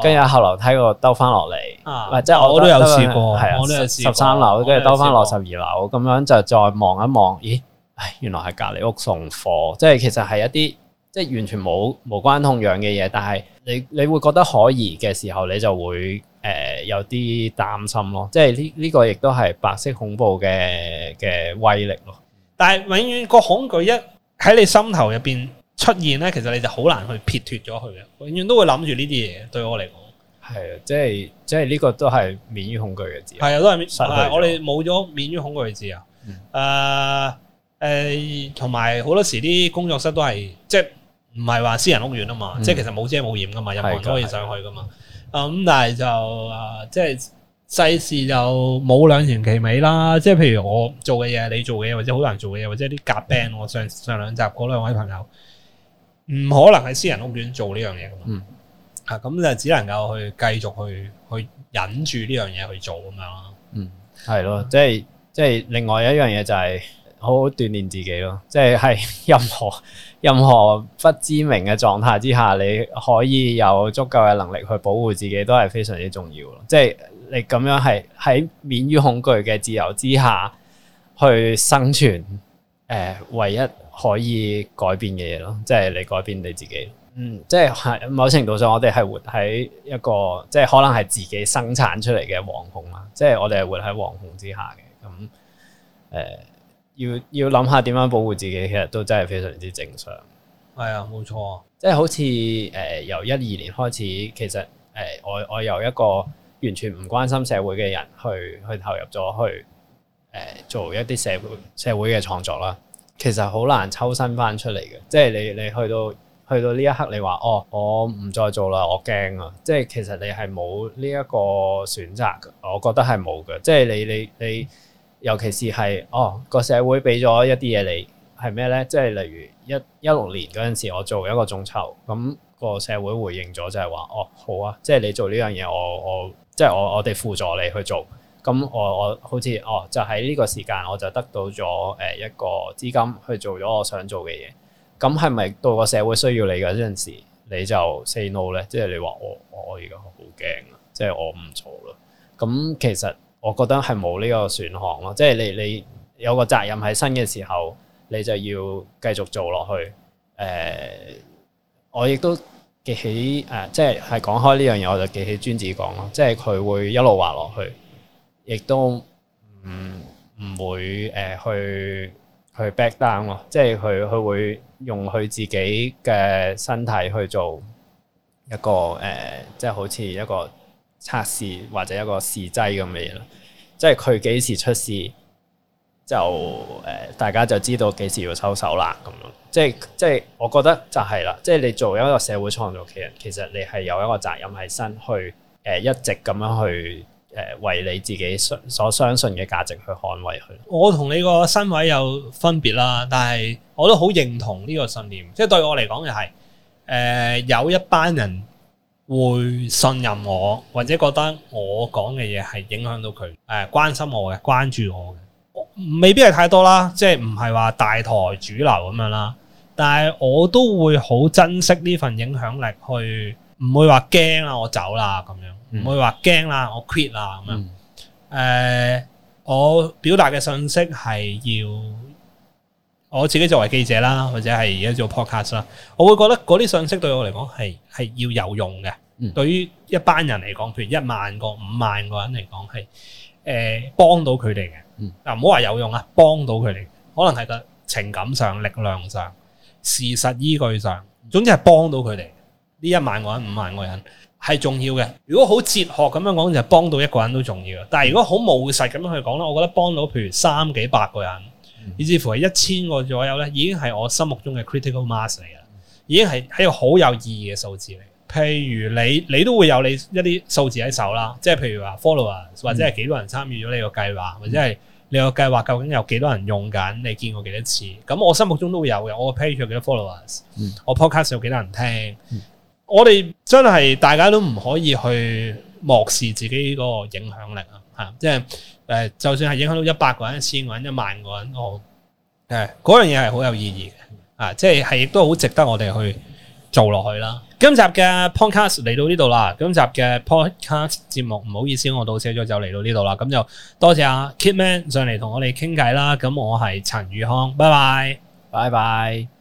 Speaker 2: 跟住、哦、後，後樓梯度兜翻落嚟，唔、啊、即係我都有試過，係啊，我都有試十三對樓，跟住兜翻落十二樓，咁樣就再望一望，咦？唉，原來係隔籬屋送貨，即係其實係一啲即係完全冇冇關痛癢嘅嘢，但係你你會覺得可疑嘅時候，你就會誒、呃、有啲擔心咯。即係呢呢個亦都係白色恐怖嘅嘅
Speaker 1: 威力咯。但係永遠個恐懼一喺你心頭入邊，出現咧，其實你就好難去撇脱咗佢嘅，永遠都會諗住呢啲嘢。對我嚟講，係啊，即係即係呢個都係免於恐懼嘅自由。係、嗯、啊，都係免。我哋冇咗免於恐懼嘅自由啊。誒誒，同埋好多時啲工作室都係，即係唔係話私人屋苑啊嘛，嗯、即係其實冇遮冇掩噶嘛，入行都可以上去噶嘛。咁、嗯、但係就誒、啊，即係世事就冇兩全其美啦。即係譬如我做嘅嘢，你做嘅嘢，或者好難做嘅嘢，或者啲夾 band。嗯、我上上兩集嗰兩位朋友。唔可能喺私人屋苑做呢樣嘢噶嘛，咁、嗯啊、就只能夠去繼續去去忍住呢樣嘢去做咁樣咯。
Speaker 2: 嗯，係咯、嗯，即係即係另外一樣嘢就係好好鍛煉自己咯。即係係任何任何不知名嘅狀態之下，你可以有足夠嘅能力去保護自己，都係非常之重要咯。即係你咁樣係喺免於恐懼嘅自由之下去生存。誒、呃，唯一可以改變嘅嘢咯，即係你改變你自己。嗯，即係喺某程度上，我哋係活喺一個，即係可能係自己生產出嚟嘅惶恐喇！即係我哋係活喺惶恐之下嘅，咁誒、呃，要要諗下點樣保護自己，其實都真係非常之正常。
Speaker 1: 係啊，冇錯。即
Speaker 2: 係好似誒，由一二年開始，其實誒、呃，我我由一個完全唔關心社會嘅人去，去去投入咗去。誒，做一啲社會社會嘅創作啦，其實好難抽身翻出嚟嘅。即係你你去到去到呢一刻，你話哦，我唔再做啦，我驚啊！即係其實你係冇呢一個選擇，我覺得係冇嘅。即係你你你，尤其是係哦，個社會俾咗一啲嘢你，係咩咧？即係例如一一六年嗰陣時，我做一個眾籌，咁個社會回應咗就係話哦，好啊！即係你做呢樣嘢，我我即係我我哋輔助你去做。咁我我好似哦，就喺呢個時間，我就得到咗誒一個資金去做咗我想做嘅嘢。咁係咪到個社會需要你嘅呢陣時，你就 say no 咧？即係你話我我而家好驚啊，即係我唔做咯。咁其實我覺得係冇呢個選項咯，即係你你有個責任喺身嘅時候，你就要繼續做落去。誒，我亦都記起誒，即係係講開呢樣嘢，我就記起尊子講咯，即係佢會一路話落去。亦都唔唔會誒、呃、去去 back down 咯，即係佢佢會用佢自己嘅身體去做一個誒、呃，即係好似一個測試或者一個試劑咁嘅嘢咯。即係佢幾時出事，就誒、呃、大家就知道幾時要收手啦。咁樣即係即係，我覺得就係啦。即係你做一個社會創造嘅人，其實你係有一個責任喺身去誒、呃、一直咁樣去。誒為你自己相所相信嘅價值去捍衛佢。
Speaker 1: 我同你個身位有分別啦，但係我都好認同呢個信念。即係對我嚟講就係、是，誒、呃、有一班人會信任我，或者覺得我講嘅嘢係影響到佢，誒關心我嘅，關注我嘅。我未必係太多啦，即係唔係話大台主流咁樣啦。但係我都會好珍惜呢份影響力去，去唔會話驚啊，我走啦咁樣。唔會話驚啦，我 quit 啦咁樣。誒、嗯，呃，我表達嘅信息係要我自己作為記者啦，或者係而家做 podcast 啦，我會覺得嗰啲信息對我嚟講係係要有用嘅。嗯、對於一班人嚟講，譬如一萬個、五萬個人嚟講，係誒幫到佢哋嘅。嗱，唔好話有用啊，幫到佢哋，可能係個情感上、力量上、事實依據上，總之係幫到佢哋呢一萬個人、嗯、五萬個人。係重要嘅，如果好哲學咁樣講就幫到一個人都重要，但係如果好務實咁樣去講咧，我覺得幫到譬如三幾百個人，以至乎係一千個左右咧，已經係我心目中嘅 critical mass 嚟，已經係喺個好有意義嘅數字嚟。譬如你，你都會有你一啲數字喺手啦，即係譬如話 followers 或者係幾多人參與咗你個計劃，或者係你個計劃究竟有幾多人用緊，你見過幾多次？咁我心目中都會有嘅，我 page 有幾多 followers，我 podcast 有幾多人聽。我哋真係大家都唔可以去漠視自己嗰個影響力啊！嚇，即係誒，就算係影響到一百個人、一千個人、一萬個人，我誒嗰樣嘢係好有意義嘅啊！即係亦都好值得我哋去做落去啦。今集嘅 podcast 嚟到呢度啦，今集嘅 podcast 節目唔好意思，我到此咗就嚟到呢度啦。咁就多謝阿 Kit Man 上嚟同我哋傾偈啦。咁我係陳宇康，拜拜，拜拜。